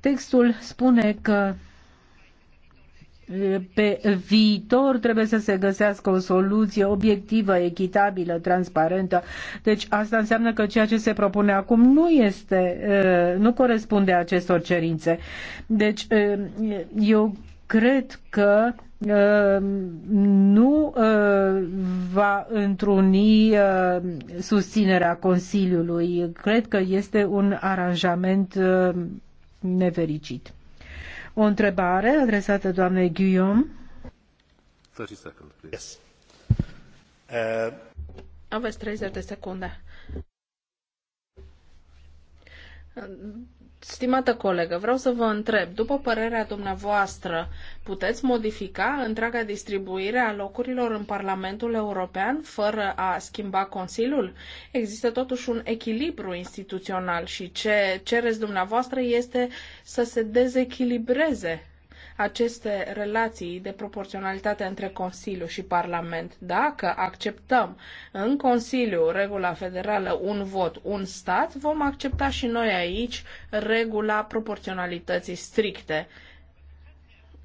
Textul spune că pe viitor trebuie să se găsească o soluție obiectivă, echitabilă, transparentă. Deci asta înseamnă că ceea ce se propune acum nu este, uh, nu corespunde acestor cerințe. Deci uh, eu cred că uh, nu va întruni susținerea Consiliului. Cred că este un aranjament nefericit. O întrebare adresată doamnei Guillaume. 30 seconds, please. Yes. Uh... Aveți 30 de secunde. Stimată colegă, vreau să vă întreb, după părerea dumneavoastră, puteți modifica întreaga distribuire a locurilor în Parlamentul European fără a schimba Consiliul? Există totuși un echilibru instituțional și ce cereți dumneavoastră este să se dezechilibreze aceste relații de proporționalitate între Consiliu și Parlament. Dacă acceptăm în Consiliu regula federală un vot, un stat, vom accepta și noi aici regula proporționalității stricte.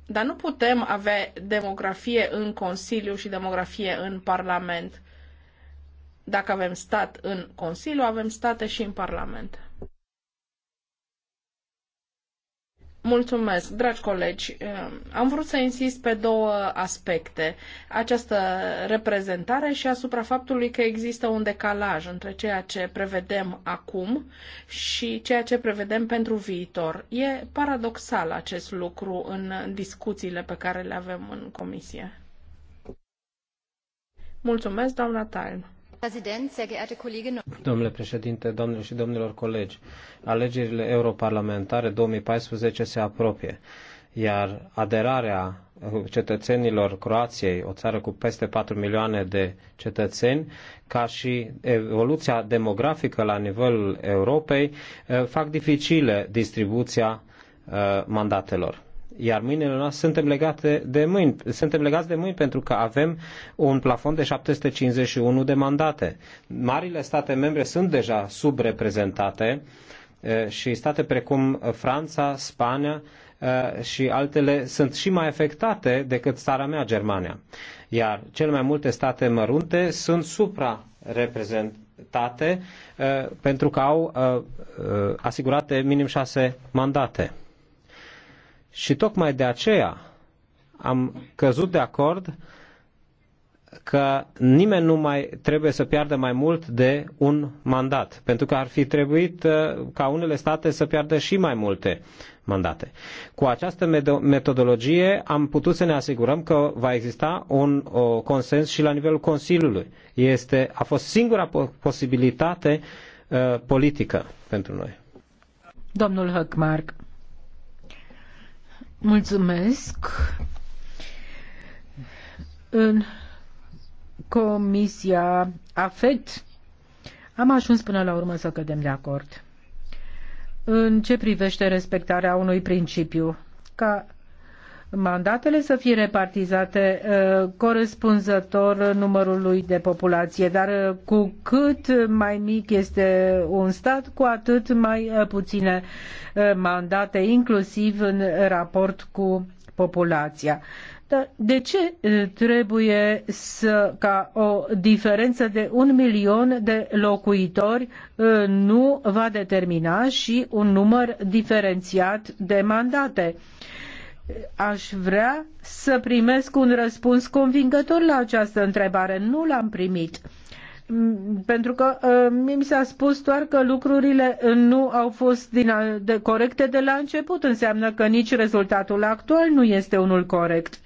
Dar nu putem avea demografie în Consiliu și demografie în Parlament. Dacă avem stat în Consiliu, avem state și în Parlament. Mulțumesc, dragi colegi. Ehm, am vrut să insist pe două aspecte. Această reprezentare și asupra faptului că există un decalaj între ceea ce prevedem acum și ceea ce prevedem pentru viitor. E paradoxal acest lucru în discuțiile pe care le avem în comisie. Mulțumesc, doamna Time. Domnule președinte, domnule și domnilor colegi, alegerile europarlamentare 2014 se apropie, iar aderarea uh, cetățenilor Croației, o țară cu peste 4 milioane de cetățeni, ca și evoluția demografică la nivelul Europei, uh, fac dificile distribuția uh, mandatelor iar mâinile noastre suntem legate de mâini, suntem legați de mâini pentru că avem un plafon de 751 de mandate. Marile state membre sunt deja subreprezentate și state precum Franța, Spania și altele sunt și mai afectate decât țara mea, Germania. Iar cele mai multe state mărunte sunt supra-reprezentate pentru că au asigurate minim șase mandate. Și tocmai de aceea am căzut de acord că nimeni nu mai trebuie să piardă mai mult de un mandat, pentru că ar fi trebuit uh, ca unele state să piardă și mai multe mandate. Cu această metodologie am putut să ne asigurăm că va exista un o, consens și la nivelul Consiliului. Este, a fost singura posibilitate uh, politică pentru noi. Domnul Höckmark. Mulțumesc. În Comisia AFET am ajuns până la urmă să cădem de acord. În ce privește respectarea unui principiu, ca mandatele să fie repartizate uh, corespunzător numărului de populație, dar uh, cu cât mai mic este un stat, cu atât mai uh, puține mandate, inclusiv în raport cu populația. Dar de ce trebuie să, ca o diferență de un milion de locuitori nu va determina și un număr diferențiat de mandate? aș vrea să primesc un răspuns convingător la această întrebare. Nu l-am primit. Mm, pentru că uh, mi s-a spus doar că lucrurile uh, nu au fost din, de, corecte de la început. Înseamnă că nici rezultatul actual nu este unul corect.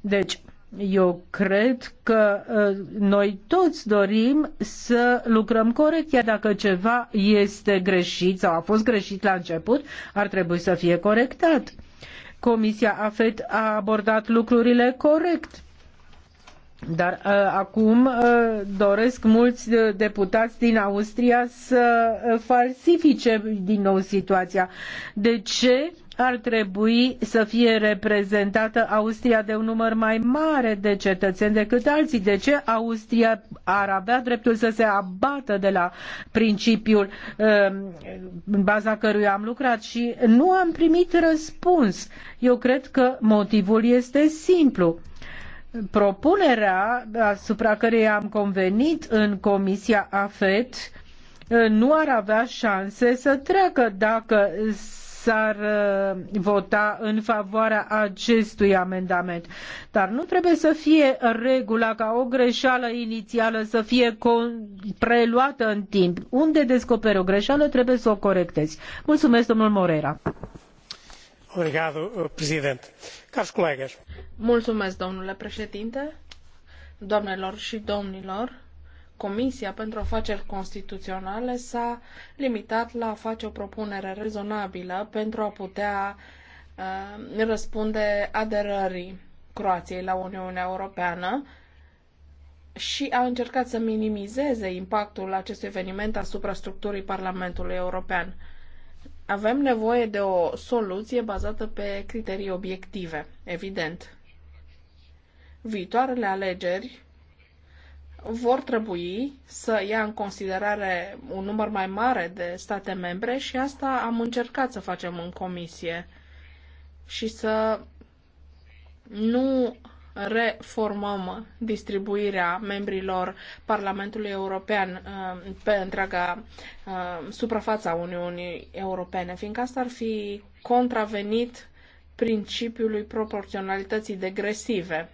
Deci, eu cred că uh, noi toți dorim să lucrăm corect, iar dacă ceva este greșit sau a fost greșit la început, ar trebui să fie corectat. Comisia AFET a abordat lucrurile corect. Dar uh, acum uh, doresc mulți uh, deputați din Austria să uh, falsifice din nou situația. De ce ar trebui să fie reprezentată Austria de un număr mai mare de cetățeni decât alții. De ce Austria ar avea dreptul să se abată de la principiul um, în baza căruia am lucrat și nu am primit răspuns. Eu cred că motivul este simplu. Propunerea asupra căreia am convenit în Comisia AFET uh, nu ar avea șanse să treacă dacă s-ar uh, vota în favoarea acestui amendament. Dar nu trebuie să fie regula ca o greșeală inițială să fie preluată în timp. Unde descoperi o greșeală, trebuie să o corectezi. Mulțumesc, domnul Morera. Mulțumesc, domnule președinte, doamnelor și domnilor. Comisia pentru Afaceri Constituționale s-a limitat la a face o propunere rezonabilă pentru a putea uh, răspunde aderării Croației la Uniunea Europeană și a încercat să minimizeze impactul acestui eveniment asupra structurii Parlamentului European. Avem nevoie de o soluție bazată pe criterii obiective, evident. Viitoarele alegeri vor trebui să ia în considerare un număr mai mare de state membre și asta am încercat să facem în comisie și să nu reformăm distribuirea membrilor Parlamentului European uh, pe întreaga uh, suprafața Uniunii Europene, fiindcă asta ar fi contravenit principiului proporționalității degresive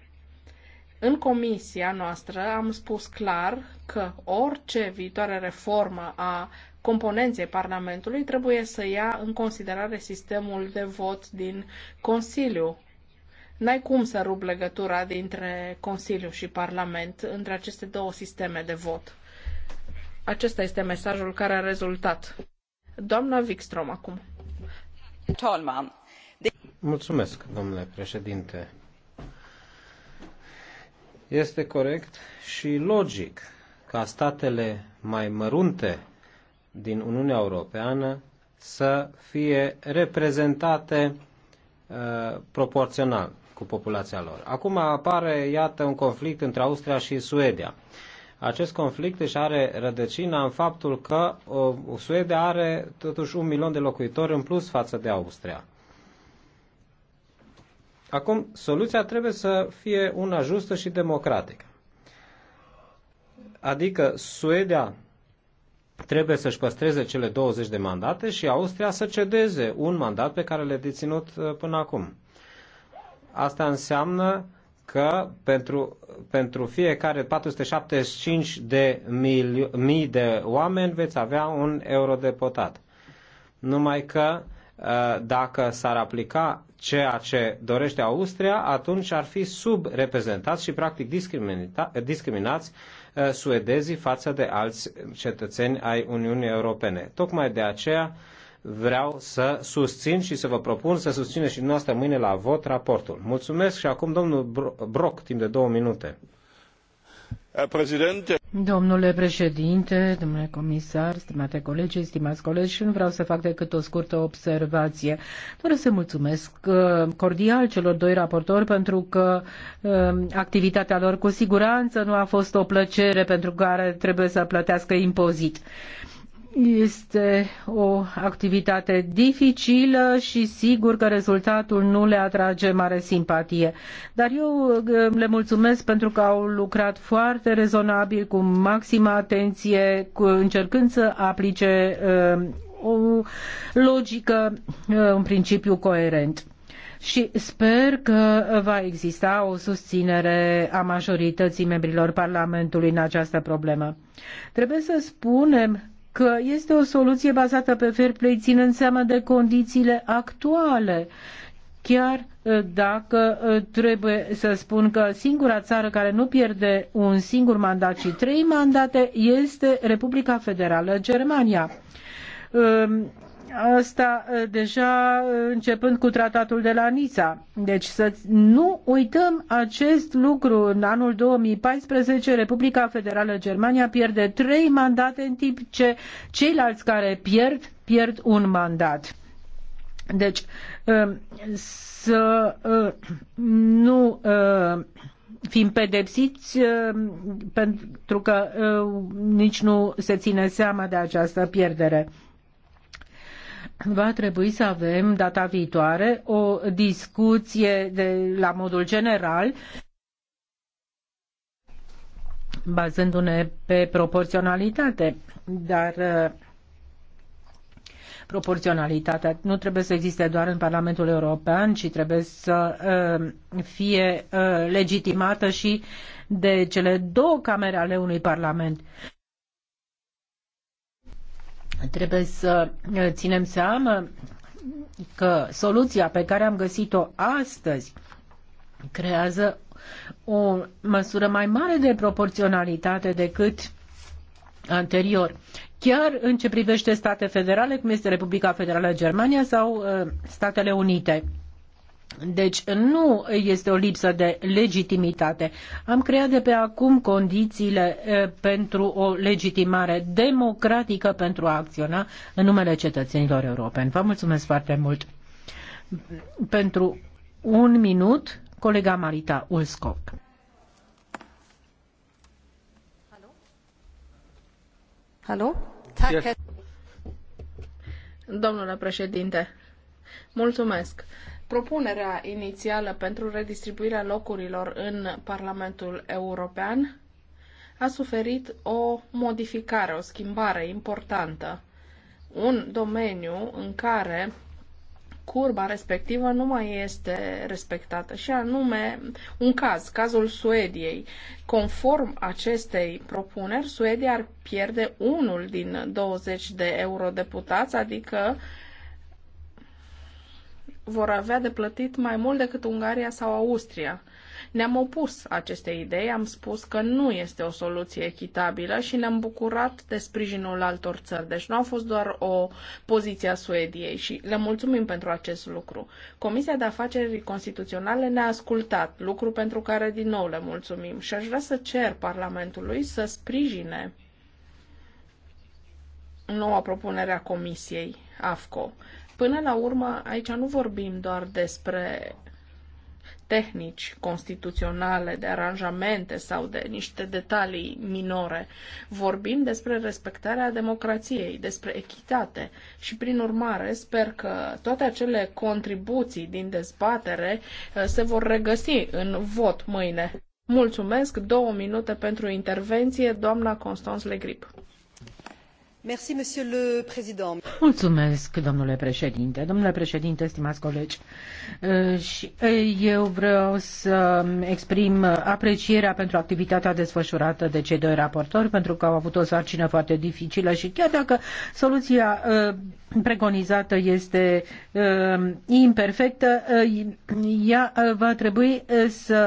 în comisia noastră am spus clar că orice viitoare reformă a componenței Parlamentului trebuie să ia în considerare sistemul de vot din Consiliu. N-ai cum să rup legătura dintre Consiliu și Parlament, între aceste două sisteme de vot. Acesta este mesajul care a rezultat. Doamna Wikström acum. Mulțumesc, domnule președinte. Este corect și logic ca statele mai mărunte din Uniunea Europeană să fie reprezentate uh, proporțional cu populația lor. Acum apare, iată, un conflict între Austria și Suedia. Acest conflict își are rădăcina în faptul că uh, Suedia are totuși un milion de locuitori în plus față de Austria. Acum, soluția trebuie să fie una justă și democratică. Adică Suedia trebuie să-și păstreze cele 20 de mandate și Austria să cedeze un mandat pe care le deținut uh, până acum. Asta înseamnă că pentru, pentru fiecare 475 de milio- mii de oameni veți avea un eurodeputat. Numai că uh, dacă s-ar aplica ceea ce dorește Austria, atunci ar fi subreprezentați și practic discriminați uh, suedezii față de alți cetățeni ai Uniunii Europene. Tocmai de aceea vreau să susțin și să vă propun să susțineți și dumneavoastră mâine la vot raportul. Mulțumesc și acum domnul Brock, timp de două minute. Domnule președinte, domnule comisar, stimate colegi, stimați colegi, nu vreau să fac decât o scurtă observație. Vreau să mulțumesc uh, cordial celor doi raportori pentru că um, activitatea lor cu siguranță nu a fost o plăcere pentru care trebuie să plătească impozit. Este o activitate dificilă și sigur că rezultatul nu le atrage mare simpatie. Dar eu uh, le mulțumesc pentru că au lucrat foarte rezonabil, cu maximă atenție, cu, încercând să aplice uh, o logică, uh, un principiu coerent și sper că va exista o susținere a majorității membrilor Parlamentului în această problemă. Trebuie să spunem că este o soluție bazată pe fair play, ținând seama de condițiile actuale. Chiar dacă trebuie să spun că singura țară care nu pierde un singur mandat, ci trei mandate, este Republica Federală Germania Asta eh, deja eh, începând cu tratatul de la Nisa. Deci să nu uităm acest lucru. În anul 2014, Republica Federală Germania pierde trei mandate în timp ce ceilalți care pierd, pierd un mandat. Deci eh, să nu fim pedepsiți pentru că nici nu se ține seama de această pierdere va trebui să avem data viitoare o discuție de, la modul general bazându-ne pe proporționalitate, dar uh, proporționalitatea nu trebuie să existe doar în Parlamentul European, ci trebuie să uh, fie uh, legitimată și de cele două camere ale unui Parlament. Trebuie să ținem seama că soluția pe care am găsit-o astăzi creează o măsură mai mare de proporționalitate decât anterior. Chiar în ce privește state federale, cum este Republica Federală Germania sau Statele Unite. Deci nu este o lipsă de legitimitate. Am creat de pe acum condițiile eh, pentru o legitimare democratică pentru a acționa în numele cetățenilor europeni. Vă mulțumesc foarte mult pentru un minut, colega Marita Ulskov. Hello? Domnule președinte, mulțumesc propunerea inițială pentru redistribuirea locurilor în Parlamentul European a suferit o modificare, o schimbare importantă. Un domeniu în care curba respectivă nu mai este respectată și anume un caz, cazul Suediei. Conform acestei propuneri, Suedia ar pierde unul din 20 de eurodeputați, adică uh, vor avea de plătit mai mult decât Ungaria sau Austria. Ne-am opus acestei idei, am spus că nu este o soluție echitabilă și ne-am bucurat de sprijinul altor țări. Deci nu a fost doar o poziție a Suediei și le mulțumim pentru acest lucru. Comisia de Afaceri Constituționale ne-a ascultat, lucru pentru care din nou le mulțumim și aș vrea să cer Parlamentului să sprijine noua propunere a Comisiei AFCO. Până la urmă, aici nu vorbim doar despre tehnici constituționale, de aranjamente sau de niște detalii minore. Vorbim despre respectarea democrației, despre echitate și, prin urmare, sper că toate acele contribuții din dezbatere uh, se vor regăsi în vot mâine. Mulțumesc, două minute pentru intervenție, doamna Constanț Legrip. Mulțumesc, domnule președinte. Domnule președinte, stimați colegi, și eu vreau să exprim aprecierea pentru activitatea desfășurată de cei doi raportori, pentru că au avut o sarcină foarte dificilă și chiar dacă soluția preconizată este imperfectă, ea va trebui să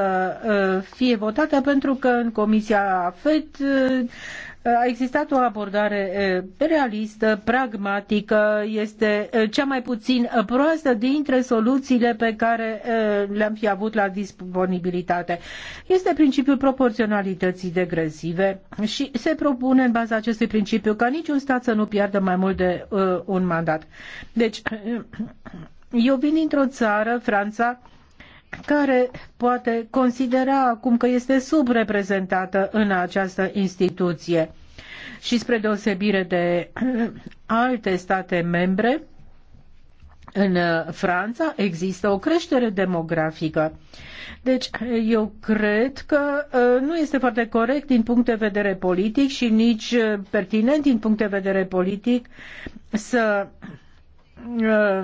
fie votată pentru că în Comisia FED a existat o abordare realistă, pragmatică, este cea mai puțin proastă dintre soluțiile pe care le-am fi avut la disponibilitate. Este principiul proporționalității degresive și se propune în baza acestui principiu ca niciun stat să nu piardă mai mult de un mandat. Deci, eu vin dintr-o țară, Franța, care poate considera acum că este subreprezentată în această instituție. Și spre deosebire de alte state membre, în Franța există o creștere demografică. Deci eu cred că ă, nu este foarte corect din punct de vedere politic și nici ă, pertinent din punct de vedere politic să ă,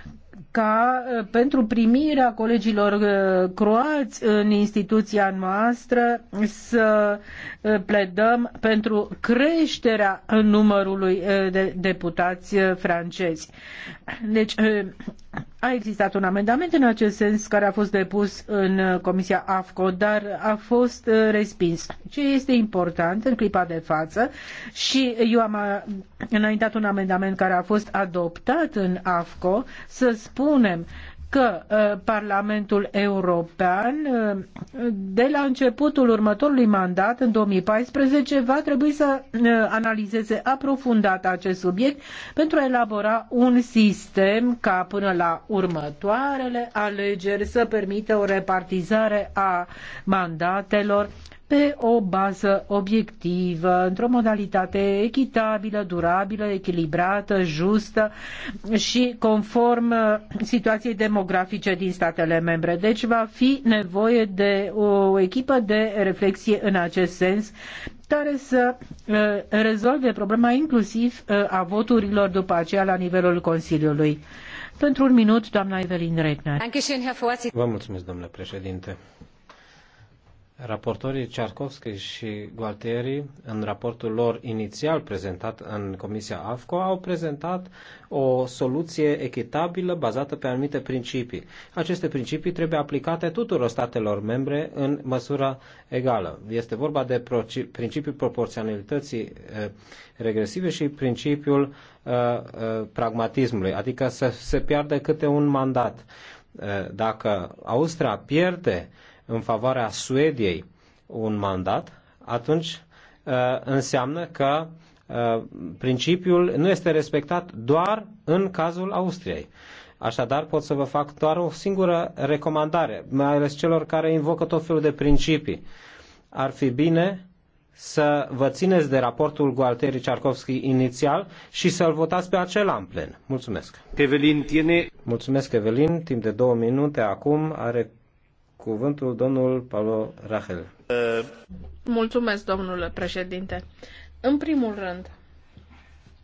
ca uh, pentru primirea colegilor uh, croați în instituția noastră să uh, pledăm pentru creșterea numărului de deputați francezi. Deci a existat un amendament în acest sens care a fost depus în Comisia AFCO, dar a fost respins. Ce este important în clipa de față și eu am înaintat un amendament care a fost adoptat în AFCO să spun propunem că uh, Parlamentul European uh, de la începutul următorului mandat, în 2014, va trebui să uh, analizeze aprofundat acest subiect pentru a elabora un sistem ca până la următoarele alegeri să permită o repartizare a mandatelor pe o bază obiectivă, într-o modalitate echitabilă, durabilă, echilibrată, justă și conform situației demografice din statele membre. Deci va fi nevoie de o echipă de reflexie în acest sens care să uh, rezolve problema inclusiv uh, a voturilor după aceea la nivelul Consiliului. Pentru un minut, doamna Evelyn Regner. Vă mulțumesc, domnule președinte. Raportorii Ciarkovski și Gualtieri, în raportul lor inițial prezentat în Comisia AFCO, au prezentat o soluție echitabilă bazată pe anumite principii. Aceste principii trebuie aplicate tuturor statelor membre în măsura egală. Este vorba de principiul proporționalității eh, regresive și principiul eh, eh, pragmatismului, adică să se piardă câte un mandat. Dacă Austria pierde în favoarea Suediei un mandat, atunci uh, înseamnă că uh, principiul nu este respectat doar în cazul Austriei. Așadar, pot să vă fac doar o singură recomandare, mai ales celor care invocă tot felul de principii. Ar fi bine să vă țineți de raportul Gualteri Ciarkovski inițial și să-l votați pe acela în plen. Mulțumesc. Evelin, tine. Mulțumesc, Evelin. Timp de două minute acum are cuvântul domnul Paolo Rahel. Mulțumesc, domnule președinte. În primul rând,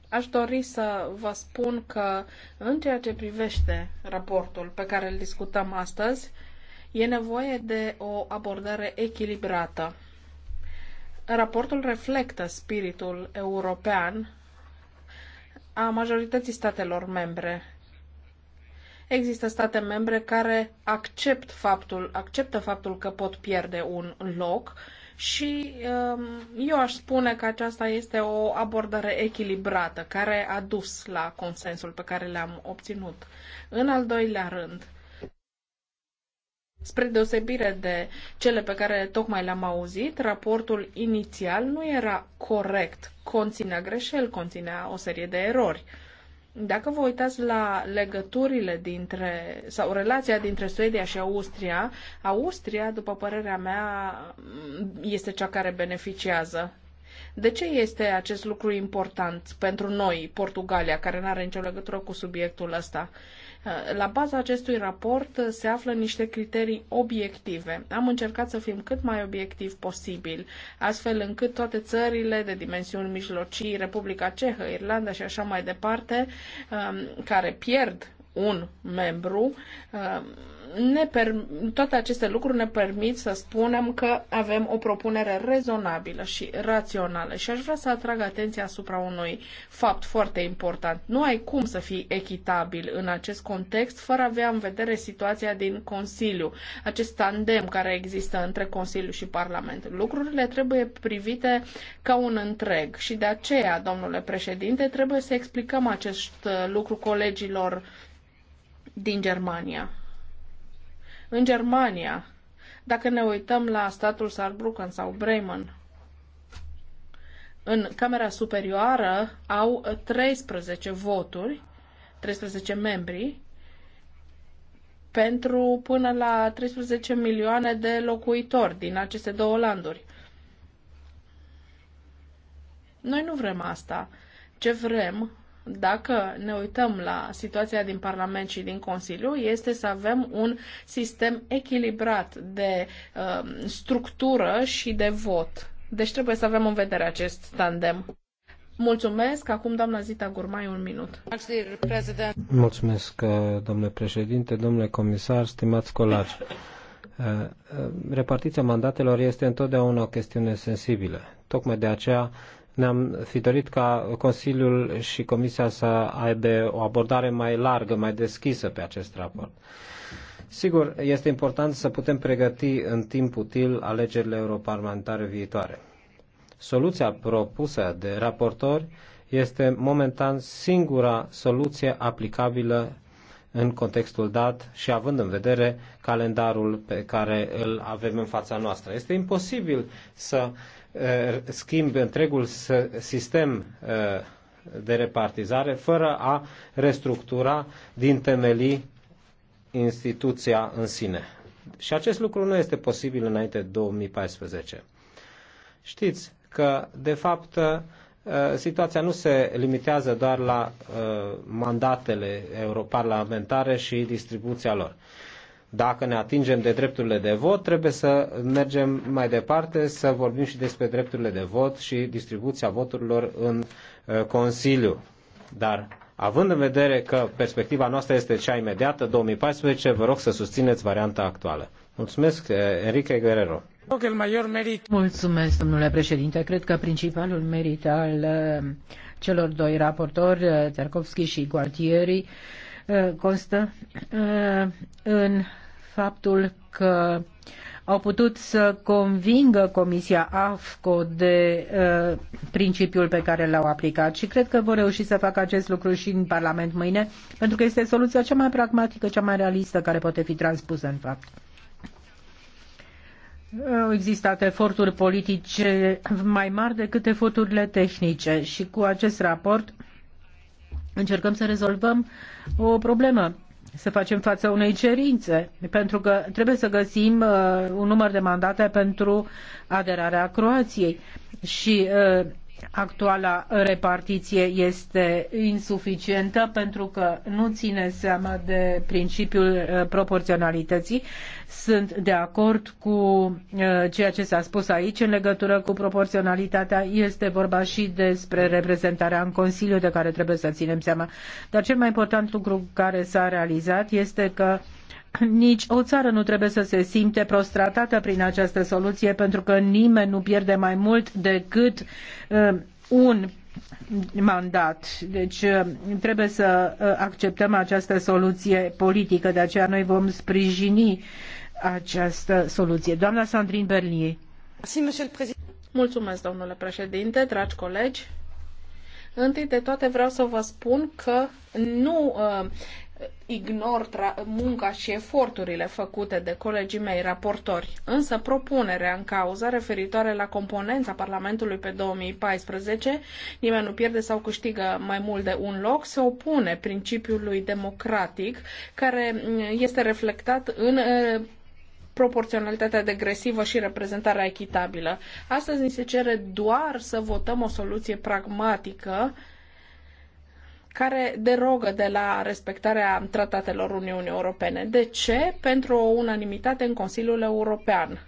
aș dori să vă spun că în ceea ce privește raportul pe care îl discutăm astăzi, e nevoie de o abordare echilibrată. Raportul reflectă spiritul european a majorității statelor membre Există state membre care accept faptul, acceptă faptul că pot pierde un loc și um, eu aș spune că aceasta este o abordare echilibrată care a dus la consensul pe care l-am obținut. În al doilea rând, Spre deosebire de cele pe care tocmai le-am auzit, raportul inițial nu era corect. Conținea greșeli, conținea o serie de erori. Dacă vă uitați la legăturile dintre, sau relația dintre Suedia și Austria, Austria, după părerea mea, este cea care beneficiază. De ce este acest lucru important pentru noi, Portugalia, care nu are nicio legătură cu subiectul ăsta? Uh, la baza acestui raport se află niște criterii obiective. Am încercat să fim cât mai obiectiv posibil, astfel încât toate țările de dimensiuni mijlocii, Republica Cehă, Irlanda și așa mai departe, um, care pierd un membru, um, ne per, toate aceste lucruri ne permit să spunem că avem o propunere rezonabilă și rațională și aș vrea să atrag atenția asupra unui fapt foarte important. Nu ai cum să fii echitabil în acest context fără a avea în vedere situația din Consiliu, acest tandem care există între Consiliu și Parlament. Lucrurile trebuie privite ca un întreg și de aceea, domnule președinte, trebuie să explicăm acest lucru colegilor din Germania. În Germania, dacă ne uităm la statul Saarbrücken sau Bremen, în Camera Superioară au 13 voturi, 13 membri, pentru până la 13 milioane de locuitori din aceste două landuri. Noi nu vrem asta. Ce vrem dacă ne uităm la situația din Parlament și din Consiliu, este să avem un sistem echilibrat de uh, structură și de vot. Deci trebuie să avem în vedere acest tandem. Mulțumesc. Acum, doamna Zita Gurmai, un minut. Mulțumesc, domnule președinte, domnule comisar, stimați colegi. Repartiția mandatelor este întotdeauna o chestiune sensibilă. Tocmai de aceea ne-am fi dorit ca Consiliul și Comisia să aibă o abordare mai largă, mai deschisă pe acest raport. Sigur, este important să putem pregăti în timp util alegerile europarlamentare viitoare. Soluția propusă de raportori este momentan singura soluție aplicabilă în contextul dat și având în vedere calendarul pe care îl avem în fața noastră. Este imposibil să Uh, schimbi întregul sistem uh, de repartizare fără a restructura din temelii instituția în sine. Și acest lucru nu este posibil înainte de 2014. Știți că, de fapt, uh, situația nu se limitează doar la mandatele europarlamentare și distribuția lor. Dacă ne atingem de drepturile de vot, trebuie să mergem mai departe, să vorbim și despre drepturile de vot și distribuția voturilor în uh, Consiliu. Dar având în vedere că perspectiva noastră este cea imediată, 2014, vă rog să susțineți varianta actuală. Mulțumesc, uh, Enrique Guerrero. Mulțumesc, domnule președinte. Cred că principalul merit al uh, celor doi raportori, Tarkovski și Gualtieri, Eh, constă eh, în faptul că au putut să convingă Comisia AFCO de eh, principiul pe care l-au aplicat și cred că vor reuși să facă acest lucru și în Parlament mâine, pentru că este soluția cea mai pragmatică, cea mai realistă care poate fi transpusă în fapt. Au existat eforturi politice mai mari decât eforturile tehnice și cu acest raport încercăm să rezolvăm uh, o problemă să facem față unei cerințe, pentru că trebuie să găsim uh, un număr de mandate pentru aderarea Croației. Și uh, actuala repartiție este insuficientă pentru că nu ține seama de principiul uh, proporționalității. Sunt de acord cu uh, ceea ce s-a spus aici în legătură cu proporționalitatea. Este vorba și despre reprezentarea în Consiliu de care trebuie să ținem seama. Dar cel mai important lucru care s-a realizat este că nici o țară nu trebuie să se simte prostratată prin această soluție, pentru că nimeni nu pierde mai mult decât uh, un mandat. Deci uh, trebuie să uh, acceptăm această soluție politică, de aceea noi vom sprijini această soluție. Doamna Sandrin Berlie. Mulțumesc, domnule președinte, dragi colegi. Întâi de toate vreau să vă spun că nu ignor munca și eforturile făcute de colegii mei raportori. Însă propunerea în cauză referitoare la componența Parlamentului pe 2014, nimeni nu pierde sau câștigă mai mult de un loc, se opune principiului democratic care mm, este reflectat în proporționalitatea degresivă și reprezentarea echitabilă. Astăzi ni se cere doar să votăm o soluție pragmatică uh, care derogă de la respectarea tratatelor Uniunii Europene. De ce? Pentru o unanimitate în Consiliul European.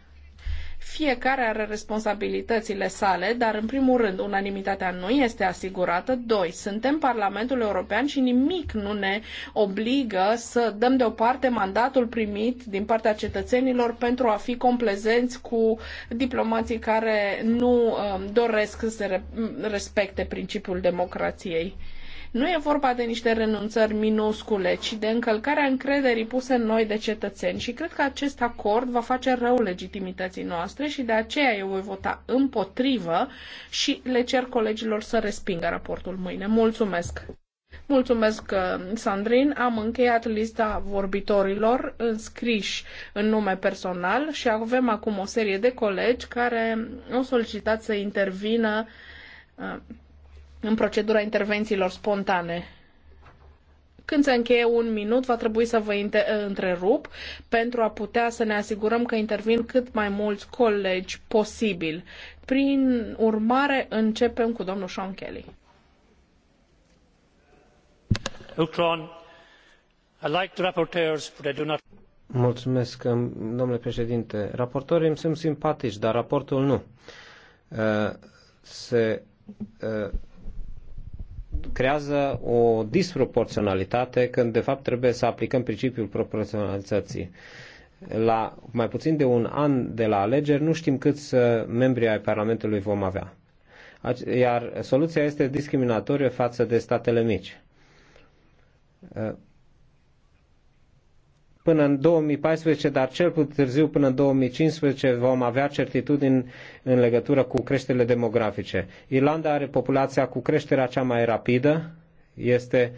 Fiecare are responsabilitățile sale, dar în primul rând unanimitatea nu este asigurată. Doi, suntem Parlamentul European și nimic nu ne obligă să dăm deoparte mandatul primit din partea cetățenilor pentru a fi complezenți cu diplomații care nu um, doresc să respecte principiul democrației. Nu e vorba de niște renunțări minuscule, ci de încălcarea încrederii puse în noi de cetățeni și cred că acest acord va face rău legitimității noastre și de aceea eu voi vota împotrivă și le cer colegilor să respingă raportul mâine. Mulțumesc! Mulțumesc, uh, Sandrin. Am încheiat lista vorbitorilor înscriși în nume personal și avem acum o serie de colegi care au solicitat să intervină uh, în procedura intervențiilor spontane. Când se încheie un minut, va trebui să vă întrerup pentru a putea să ne asigurăm că intervin cât mai mulți colegi posibil. Prin urmare, începem cu domnul Sean Kelly. Mulțumesc, domnule președinte. Raportorii îmi sunt simpatici, dar raportul nu. Uh, se uh, creează o disproporționalitate când de fapt trebuie să aplicăm principiul proporționalității. La mai puțin de un an de la alegeri nu știm câți uh, membri ai Parlamentului vom avea. Iar soluția este discriminatorie față de statele mici. Uh, până în 2014, dar cel târziu până în 2015 vom avea certitudini în legătură cu creșterile demografice. Irlanda are populația cu creșterea cea mai rapidă, este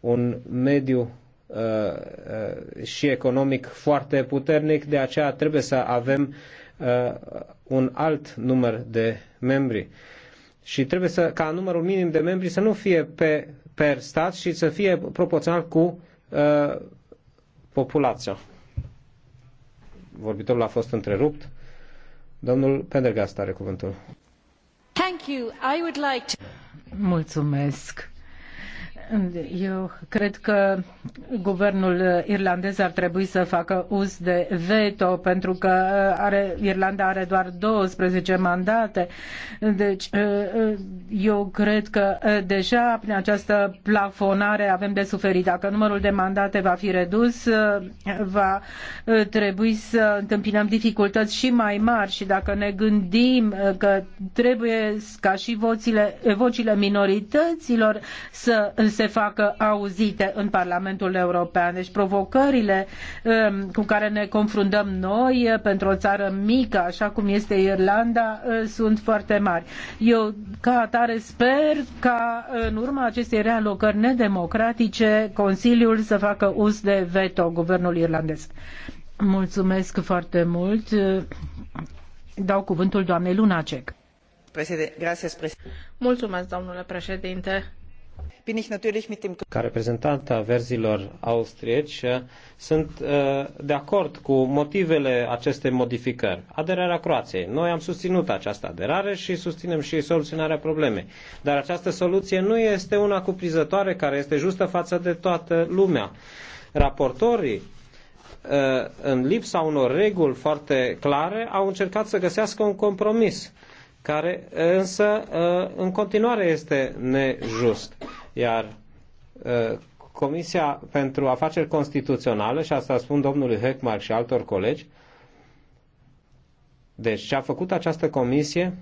un mediu uh, uh, și economic foarte puternic, de aceea trebuie să avem uh, un alt număr de membri. Și trebuie să, ca numărul minim de membri să nu fie pe, per stat și să fie proporțional cu populația. Vorbitorul a fost întrerupt. Domnul Pendergast are cuvântul. Thank you. I would like to... Mulțumesc. Eu cred că guvernul irlandez ar trebui să facă uz de veto pentru că uh, are, Irlanda are doar 12 mandate. Deci uh, uh, eu cred că deja prin această plafonare avem de suferit. Dacă numărul de mandate va fi redus, va trebui să întâmpinăm dificultăți și mai mari și dacă ne gândim că trebuie ca și voțile, vocile minorităților să se facă auzite în Parlamentul European. Deci provocările um, cu care ne confruntăm noi uh, pentru o țară mică, așa cum este Irlanda, uh, sunt foarte mari. Eu, ca atare, sper ca uh, în urma acestei realocări nedemocratice, Consiliul să facă uz de veto guvernul irlandez. Mulțumesc foarte mult. Dau cuvântul doamnei Lunacek. Mulțumesc, domnule președinte ca reprezentant a verzilor austrieci, eh, sunt eh, de acord cu motivele acestei modificări. Aderarea Croației. Noi am susținut această aderare și susținem și soluționarea problemei. Dar această soluție nu este una cuprizătoare care este justă față de toată lumea. Raportorii eh, în lipsa unor reguli foarte clare, au încercat să găsească un compromis, care însă în continuare este nejust. Iar ă, Comisia pentru Afaceri Constituționale, și asta spun domnului Heckmar și altor colegi, deci ce a făcut această comisie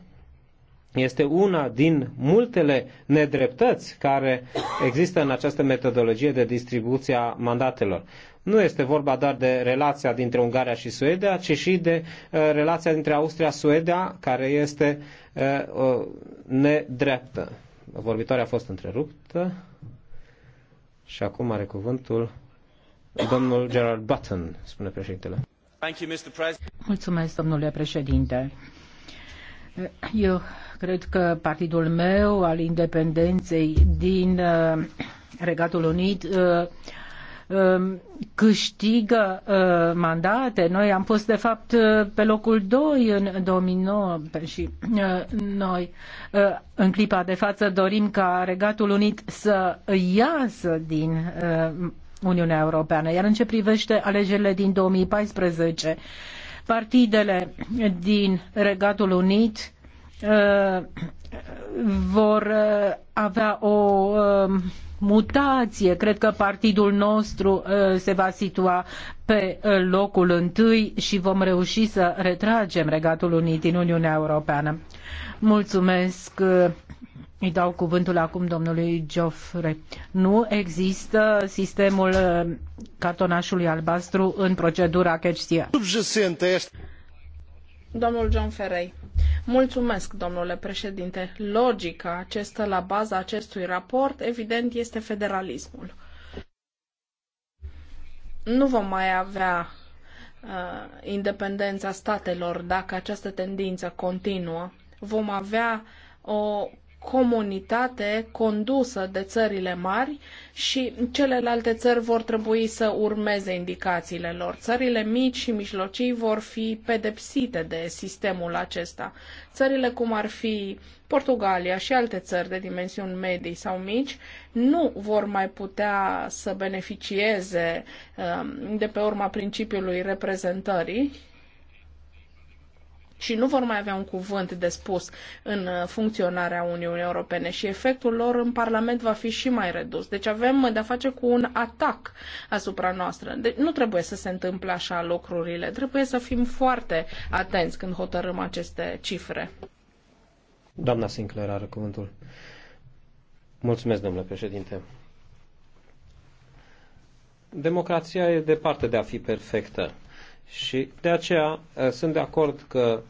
este una din multele nedreptăți care există în această metodologie de distribuție a mandatelor. Nu este vorba doar de relația dintre Ungaria și Suedia, ci și de uh, relația dintre Austria-Suedia, care este uh, ă, uh, nedreptă vorbitoarea a fost întreruptă și acum are cuvântul domnul Gerard Button, spune președintele. Mulțumesc, domnule președinte. Eu cred că partidul meu al independenței din uh, Regatul Unit uh, Um, câștigă uh, mandate. Noi am fost, de fapt, uh, pe locul 2 în 2009 și uh, noi, în clipa de față, dorim ca Regatul Unit să iasă din Uniunea Europeană. Iar în ce privește alegerile din 2014, partidele din Regatul Unit vor avea o um, mutație. Cred că partidul nostru uh, se va situa pe uh, locul întâi și vom reuși să retragem Regatul Unit din Uniunea Europeană. Mulțumesc. Uh, îi dau cuvântul acum domnului Geoffrey. Nu există sistemul cartonașului albastru în procedura Catch Domnul John Ferrei. Mulțumesc, domnule președinte. Logica acestă la baza acestui raport, evident, este federalismul. Nu vom mai avea uh, independența statelor dacă această tendință continuă. Vom avea o comunitate condusă de țările mari și celelalte țări vor trebui să urmeze indicațiile lor. Țările mici și mijlocii vor fi pedepsite de sistemul acesta. Țările cum ar fi Portugalia și alte țări de dimensiuni medii sau mici nu vor mai putea să beneficieze um, de pe urma principiului reprezentării și nu vor mai avea un cuvânt de spus în uh, funcționarea Uniunii Europene și efectul lor în Parlament va fi și mai redus. Deci avem de-a face cu un atac asupra noastră. Deci nu trebuie să se întâmple așa lucrurile. Trebuie să fim foarte atenți când hotărâm aceste cifre. Doamna Sinclair are cuvântul. Mulțumesc, domnule președinte. Democrația e departe de a fi perfectă și de aceea sunt de acord că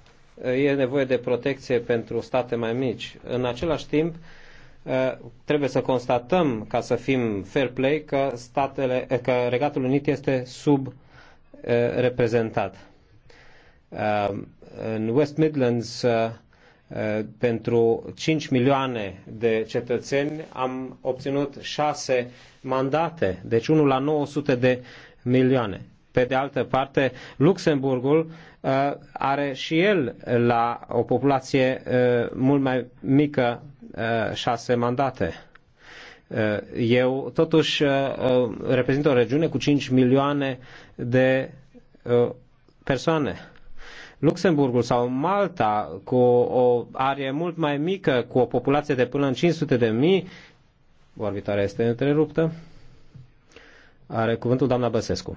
e nevoie de protecție pentru state mai mici. În același timp, trebuie să constatăm, ca să fim fair play, că, statele, că Regatul Unit este sub reprezentat. În West Midlands, pentru 5 milioane de cetățeni am obținut 6 mandate, deci unul la 900 de milioane. Pe de altă parte, Luxemburgul uh, are și el la o populație uh, mult mai mică uh, șase mandate. Eu totuși reprezint o regiune cu 5 milioane de persoane. Luxemburgul sau Malta, cu o arie mult mai mică, cu o populație de până în 500 de mii, vorbitoarea este întreruptă, are cuvântul doamna Băsescu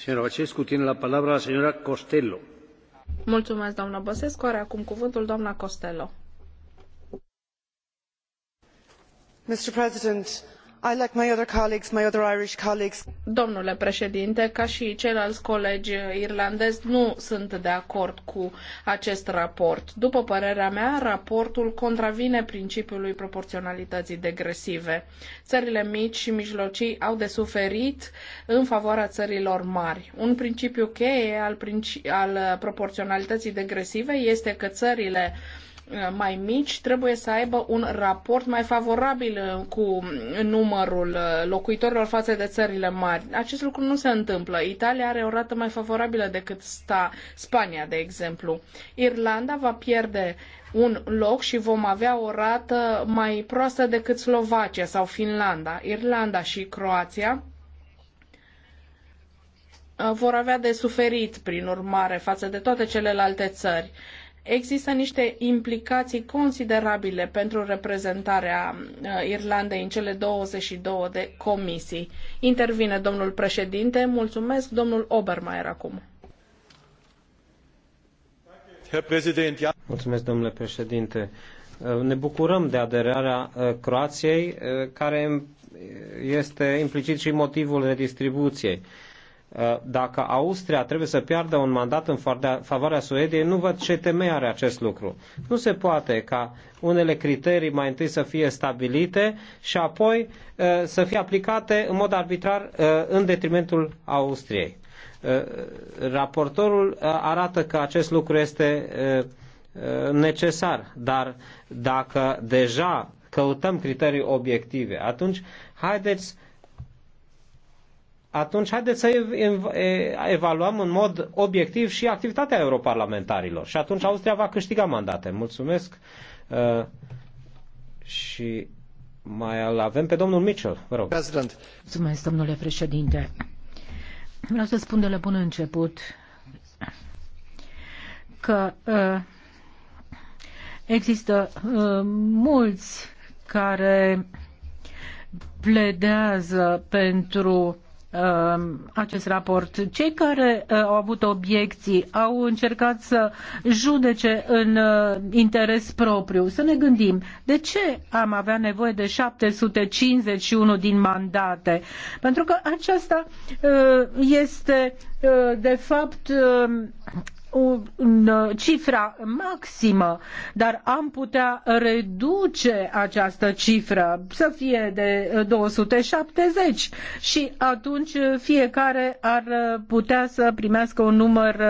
Señora Băsescu, tiene la palabra la Costello. Mulțumesc, doamna Băsescu. Are acum cuvântul doamna Costello. Mr. President, Domnule ca și ceilalți colegi irlandezi, nu sunt de acord cu acest raport. După părerea mea, raportul contravine principiului proporționalității degresive. Țările mici și mijlocii au de suferit în favoarea țărilor mari. Un principiu cheie al, princi- al proporționalității degresive este că țările uh, Uh, mai mici trebuie să aibă un raport mai favorabil uh, cu numărul uh, locuitorilor față de țările mari. Acest lucru nu se întâmplă. Italia are o rată mai favorabilă decât sta Spania, de exemplu. Irlanda va pierde un loc și vom avea o rată mai proastă decât Slovacia sau Finlanda. Irlanda și Croația vor avea de suferit, prin urmare, față de toate celelalte țări. Există niște implicații considerabile pentru reprezentarea uh, Irlandei în cele 22 de comisii. Intervine domnul președinte. Mulțumesc, domnul Obermeier acum. Mulțumesc, domnule președinte. Uh, ne bucurăm de aderarea uh, Croației, care este implicit și motivul redistribuției. Uh, dacă Austria trebuie să piardă un mandat în favoarea Suediei, nu văd ce temei are acest lucru. Nu se poate ca unele criterii mai întâi să fie stabilite și apoi uh, să fie aplicate în mod arbitrar uh, în detrimentul Austriei. Raportorul arată că acest lucru este necesar, dar dacă deja căutăm criterii obiective, atunci haideți atunci haideți să evaluăm în mod obiectiv și activitatea europarlamentarilor. Și atunci Austria va câștiga mandate. Mulțumesc. Uh, și mai avem pe domnul Mitchell, vă rog. President. Mulțumesc, domnule președinte. Vreau să spun de la bun început că uh, există uh, mulți care pledează pentru Um, acest raport. Cei care uh, au avut obiecții au încercat să judece în uh, interes propriu. Să ne gândim, de ce am avea nevoie de 751 din mandate? Pentru că aceasta uh, este de fapt o uh, cifra maximă, dar am putea reduce această cifră să fie de 270 uh, și atunci uh, fiecare ar putea să primească un număr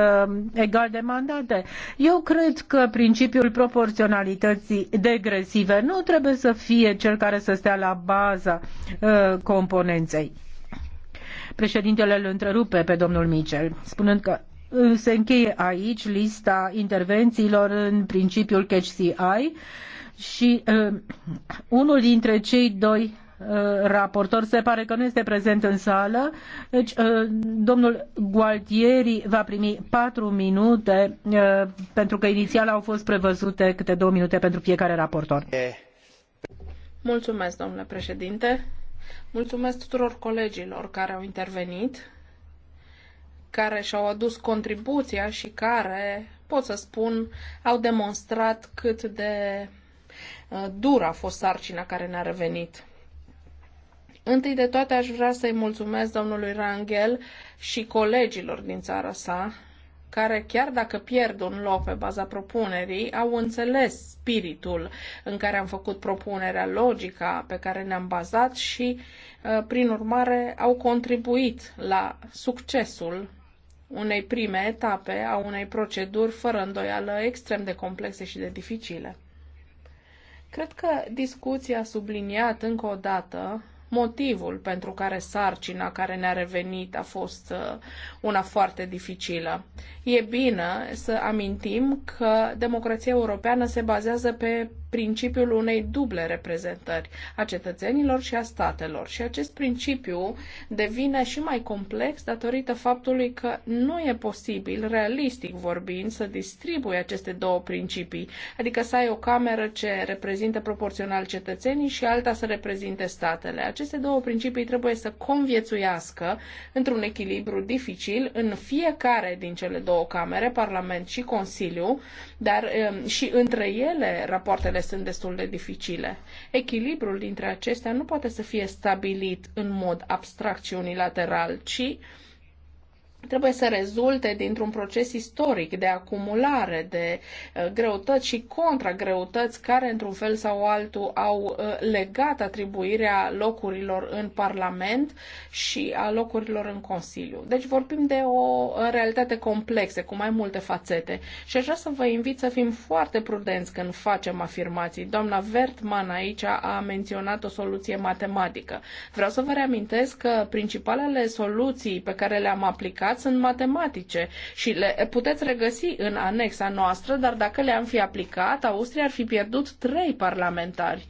egal de mandate. Eu cred că principiul proporționalității degresive nu trebuie să fie cel care să stea la baza componenței. Președintele îl întrerupe pe domnul Michel, spunând că se încheie aici lista intervențiilor în principiul Catch the Eye și uh, unul dintre cei doi uh, raportori se pare că nu este prezent în sală. Deci, uh, domnul Gualtieri va primi patru minute, uh, pentru că inițial au fost prevăzute câte două minute pentru fiecare raportor. Mulțumesc, domnule președinte. Mulțumesc tuturor colegilor care au intervenit care și-au adus contribuția și care, pot să spun, au demonstrat cât de uh, dură a fost sarcina care ne-a revenit. Întâi de toate aș vrea să-i mulțumesc domnului Rangel și colegilor din țara sa, care, chiar dacă pierd un loc pe baza propunerii, au înțeles spiritul în care am făcut propunerea, logica pe care ne-am bazat și, uh, prin urmare, au contribuit la succesul unei prime etape a unei proceduri fără îndoială extrem de complexe și de dificile. Cred că discuția subliniat încă o dată motivul pentru care sarcina care ne-a revenit a fost uh, una foarte dificilă. E bine să amintim că democrația europeană se bazează pe principiul unei duble reprezentări a cetățenilor și a statelor. Și acest principiu devine și mai complex datorită faptului că nu e posibil, realistic vorbind, să distribui aceste două principii, adică să ai o cameră ce reprezintă proporțional cetățenii și alta să reprezinte statele. Aceste două principii trebuie să conviețuiască într-un echilibru dificil în fiecare din cele două camere, Parlament și Consiliu, dar um, și între ele rapoartele sunt destul de dificile. Echilibrul dintre acestea nu poate să fie stabilit în mod abstract și unilateral, ci trebuie să rezulte dintr-un proces istoric de acumulare de uh, greutăți și contragreutăți care, într-un fel sau altul, au uh, legat atribuirea locurilor în Parlament și a locurilor în Consiliu. Deci vorbim de o uh, realitate complexă, cu mai multe fațete. Și aș vrea să vă invit să fim foarte prudenți când facem afirmații. Doamna Vertman aici a menționat o soluție matematică. Vreau să vă reamintesc că principalele soluții pe care le-am aplicat aplicat sunt matematice și le puteți regăsi în anexa noastră, dar dacă le-am fi aplicat, Austria ar fi pierdut trei parlamentari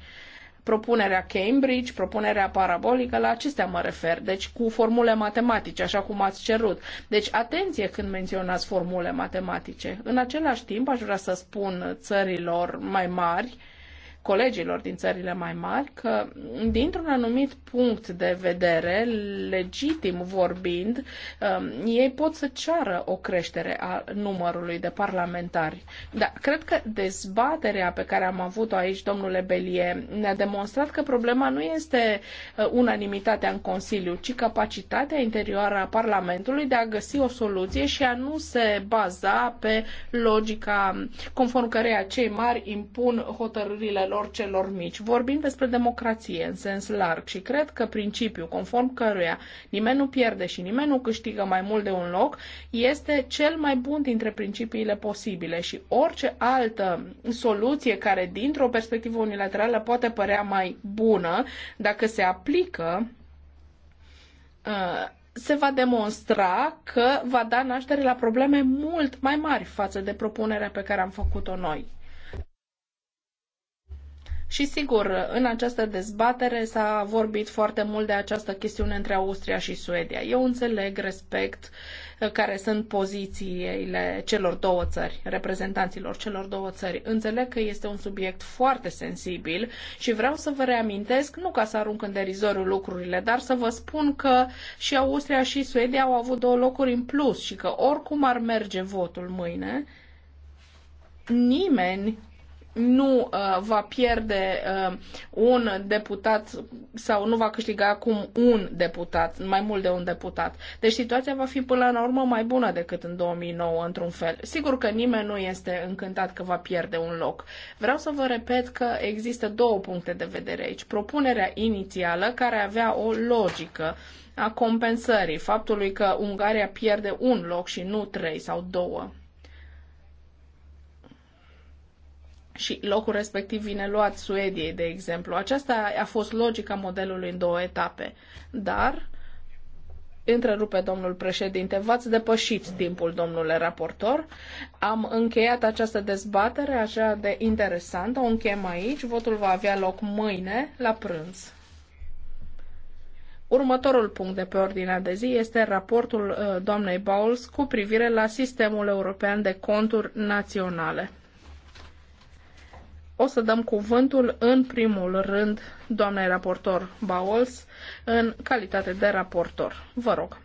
propunerea Cambridge, propunerea parabolică, la acestea mă refer, deci cu formule matematice, așa cum ați cerut. Deci atenție când menționați formule matematice. În același timp, aș vrea să spun țărilor mai mari, uh, colegilor din țările mai mari că, dintr-un anumit punct de vedere, legitim vorbind, um, ei pot să ceară o creștere a numărului de parlamentari. Dar cred că dezbaterea pe care am avut-o aici, domnule Belie, ne-a demonstrat că problema nu este uh, unanimitatea în Consiliu, ci capacitatea interioară a Parlamentului de a găsi o soluție și a nu se baza pe logica conform căreia cei mari impun hotărârile lor problemelor celor mici. Vorbim despre democrație în sens larg și cred că principiul conform căruia nimeni nu pierde și nimeni nu câștigă mai mult de un loc este cel mai bun dintre principiile posibile și orice altă soluție care dintr-o perspectivă unilaterală poate părea mai bună dacă se aplică uh, se va demonstra că va da naștere la probleme mult mai mari față de propunerea pe care am făcut-o noi. Și sigur, în această dezbatere s-a vorbit foarte mult de această chestiune între Austria și Suedia. Eu înțeleg, respect uh, care sunt pozițiile celor două țări, reprezentanților celor două țări. Înțeleg că este un subiect foarte sensibil și vreau să vă reamintesc, nu ca să arunc în derizoriu lucrurile, dar să vă spun că și Austria și Suedia au avut două locuri în plus și că oricum ar merge votul mâine, nimeni nu uh, va pierde uh, un deputat sau nu va câștiga acum un deputat, mai mult de un deputat. Deci situația va fi până la urmă mai bună decât în 2009, într-un fel. Sigur că nimeni nu este încântat că va pierde un loc. Vreau să vă repet că există două puncte de vedere aici. Propunerea inițială, care avea o logică a compensării, faptului că Ungaria pierde un loc și nu trei sau două și locul respectiv vine luat Suediei, de exemplu. Aceasta a fost logica modelului în două etape. Dar, întrerupe domnul președinte, v-ați depășit timpul, domnule raportor. Am încheiat această dezbatere așa de interesantă. O încheiem aici. Votul va avea loc mâine la prânz. Următorul punct de pe ordinea de zi este raportul uh, doamnei Bowles cu privire la sistemul european de conturi naționale. O să dăm cuvântul în primul rând doamnei raportor Bowles în calitate de raportor. Vă rog.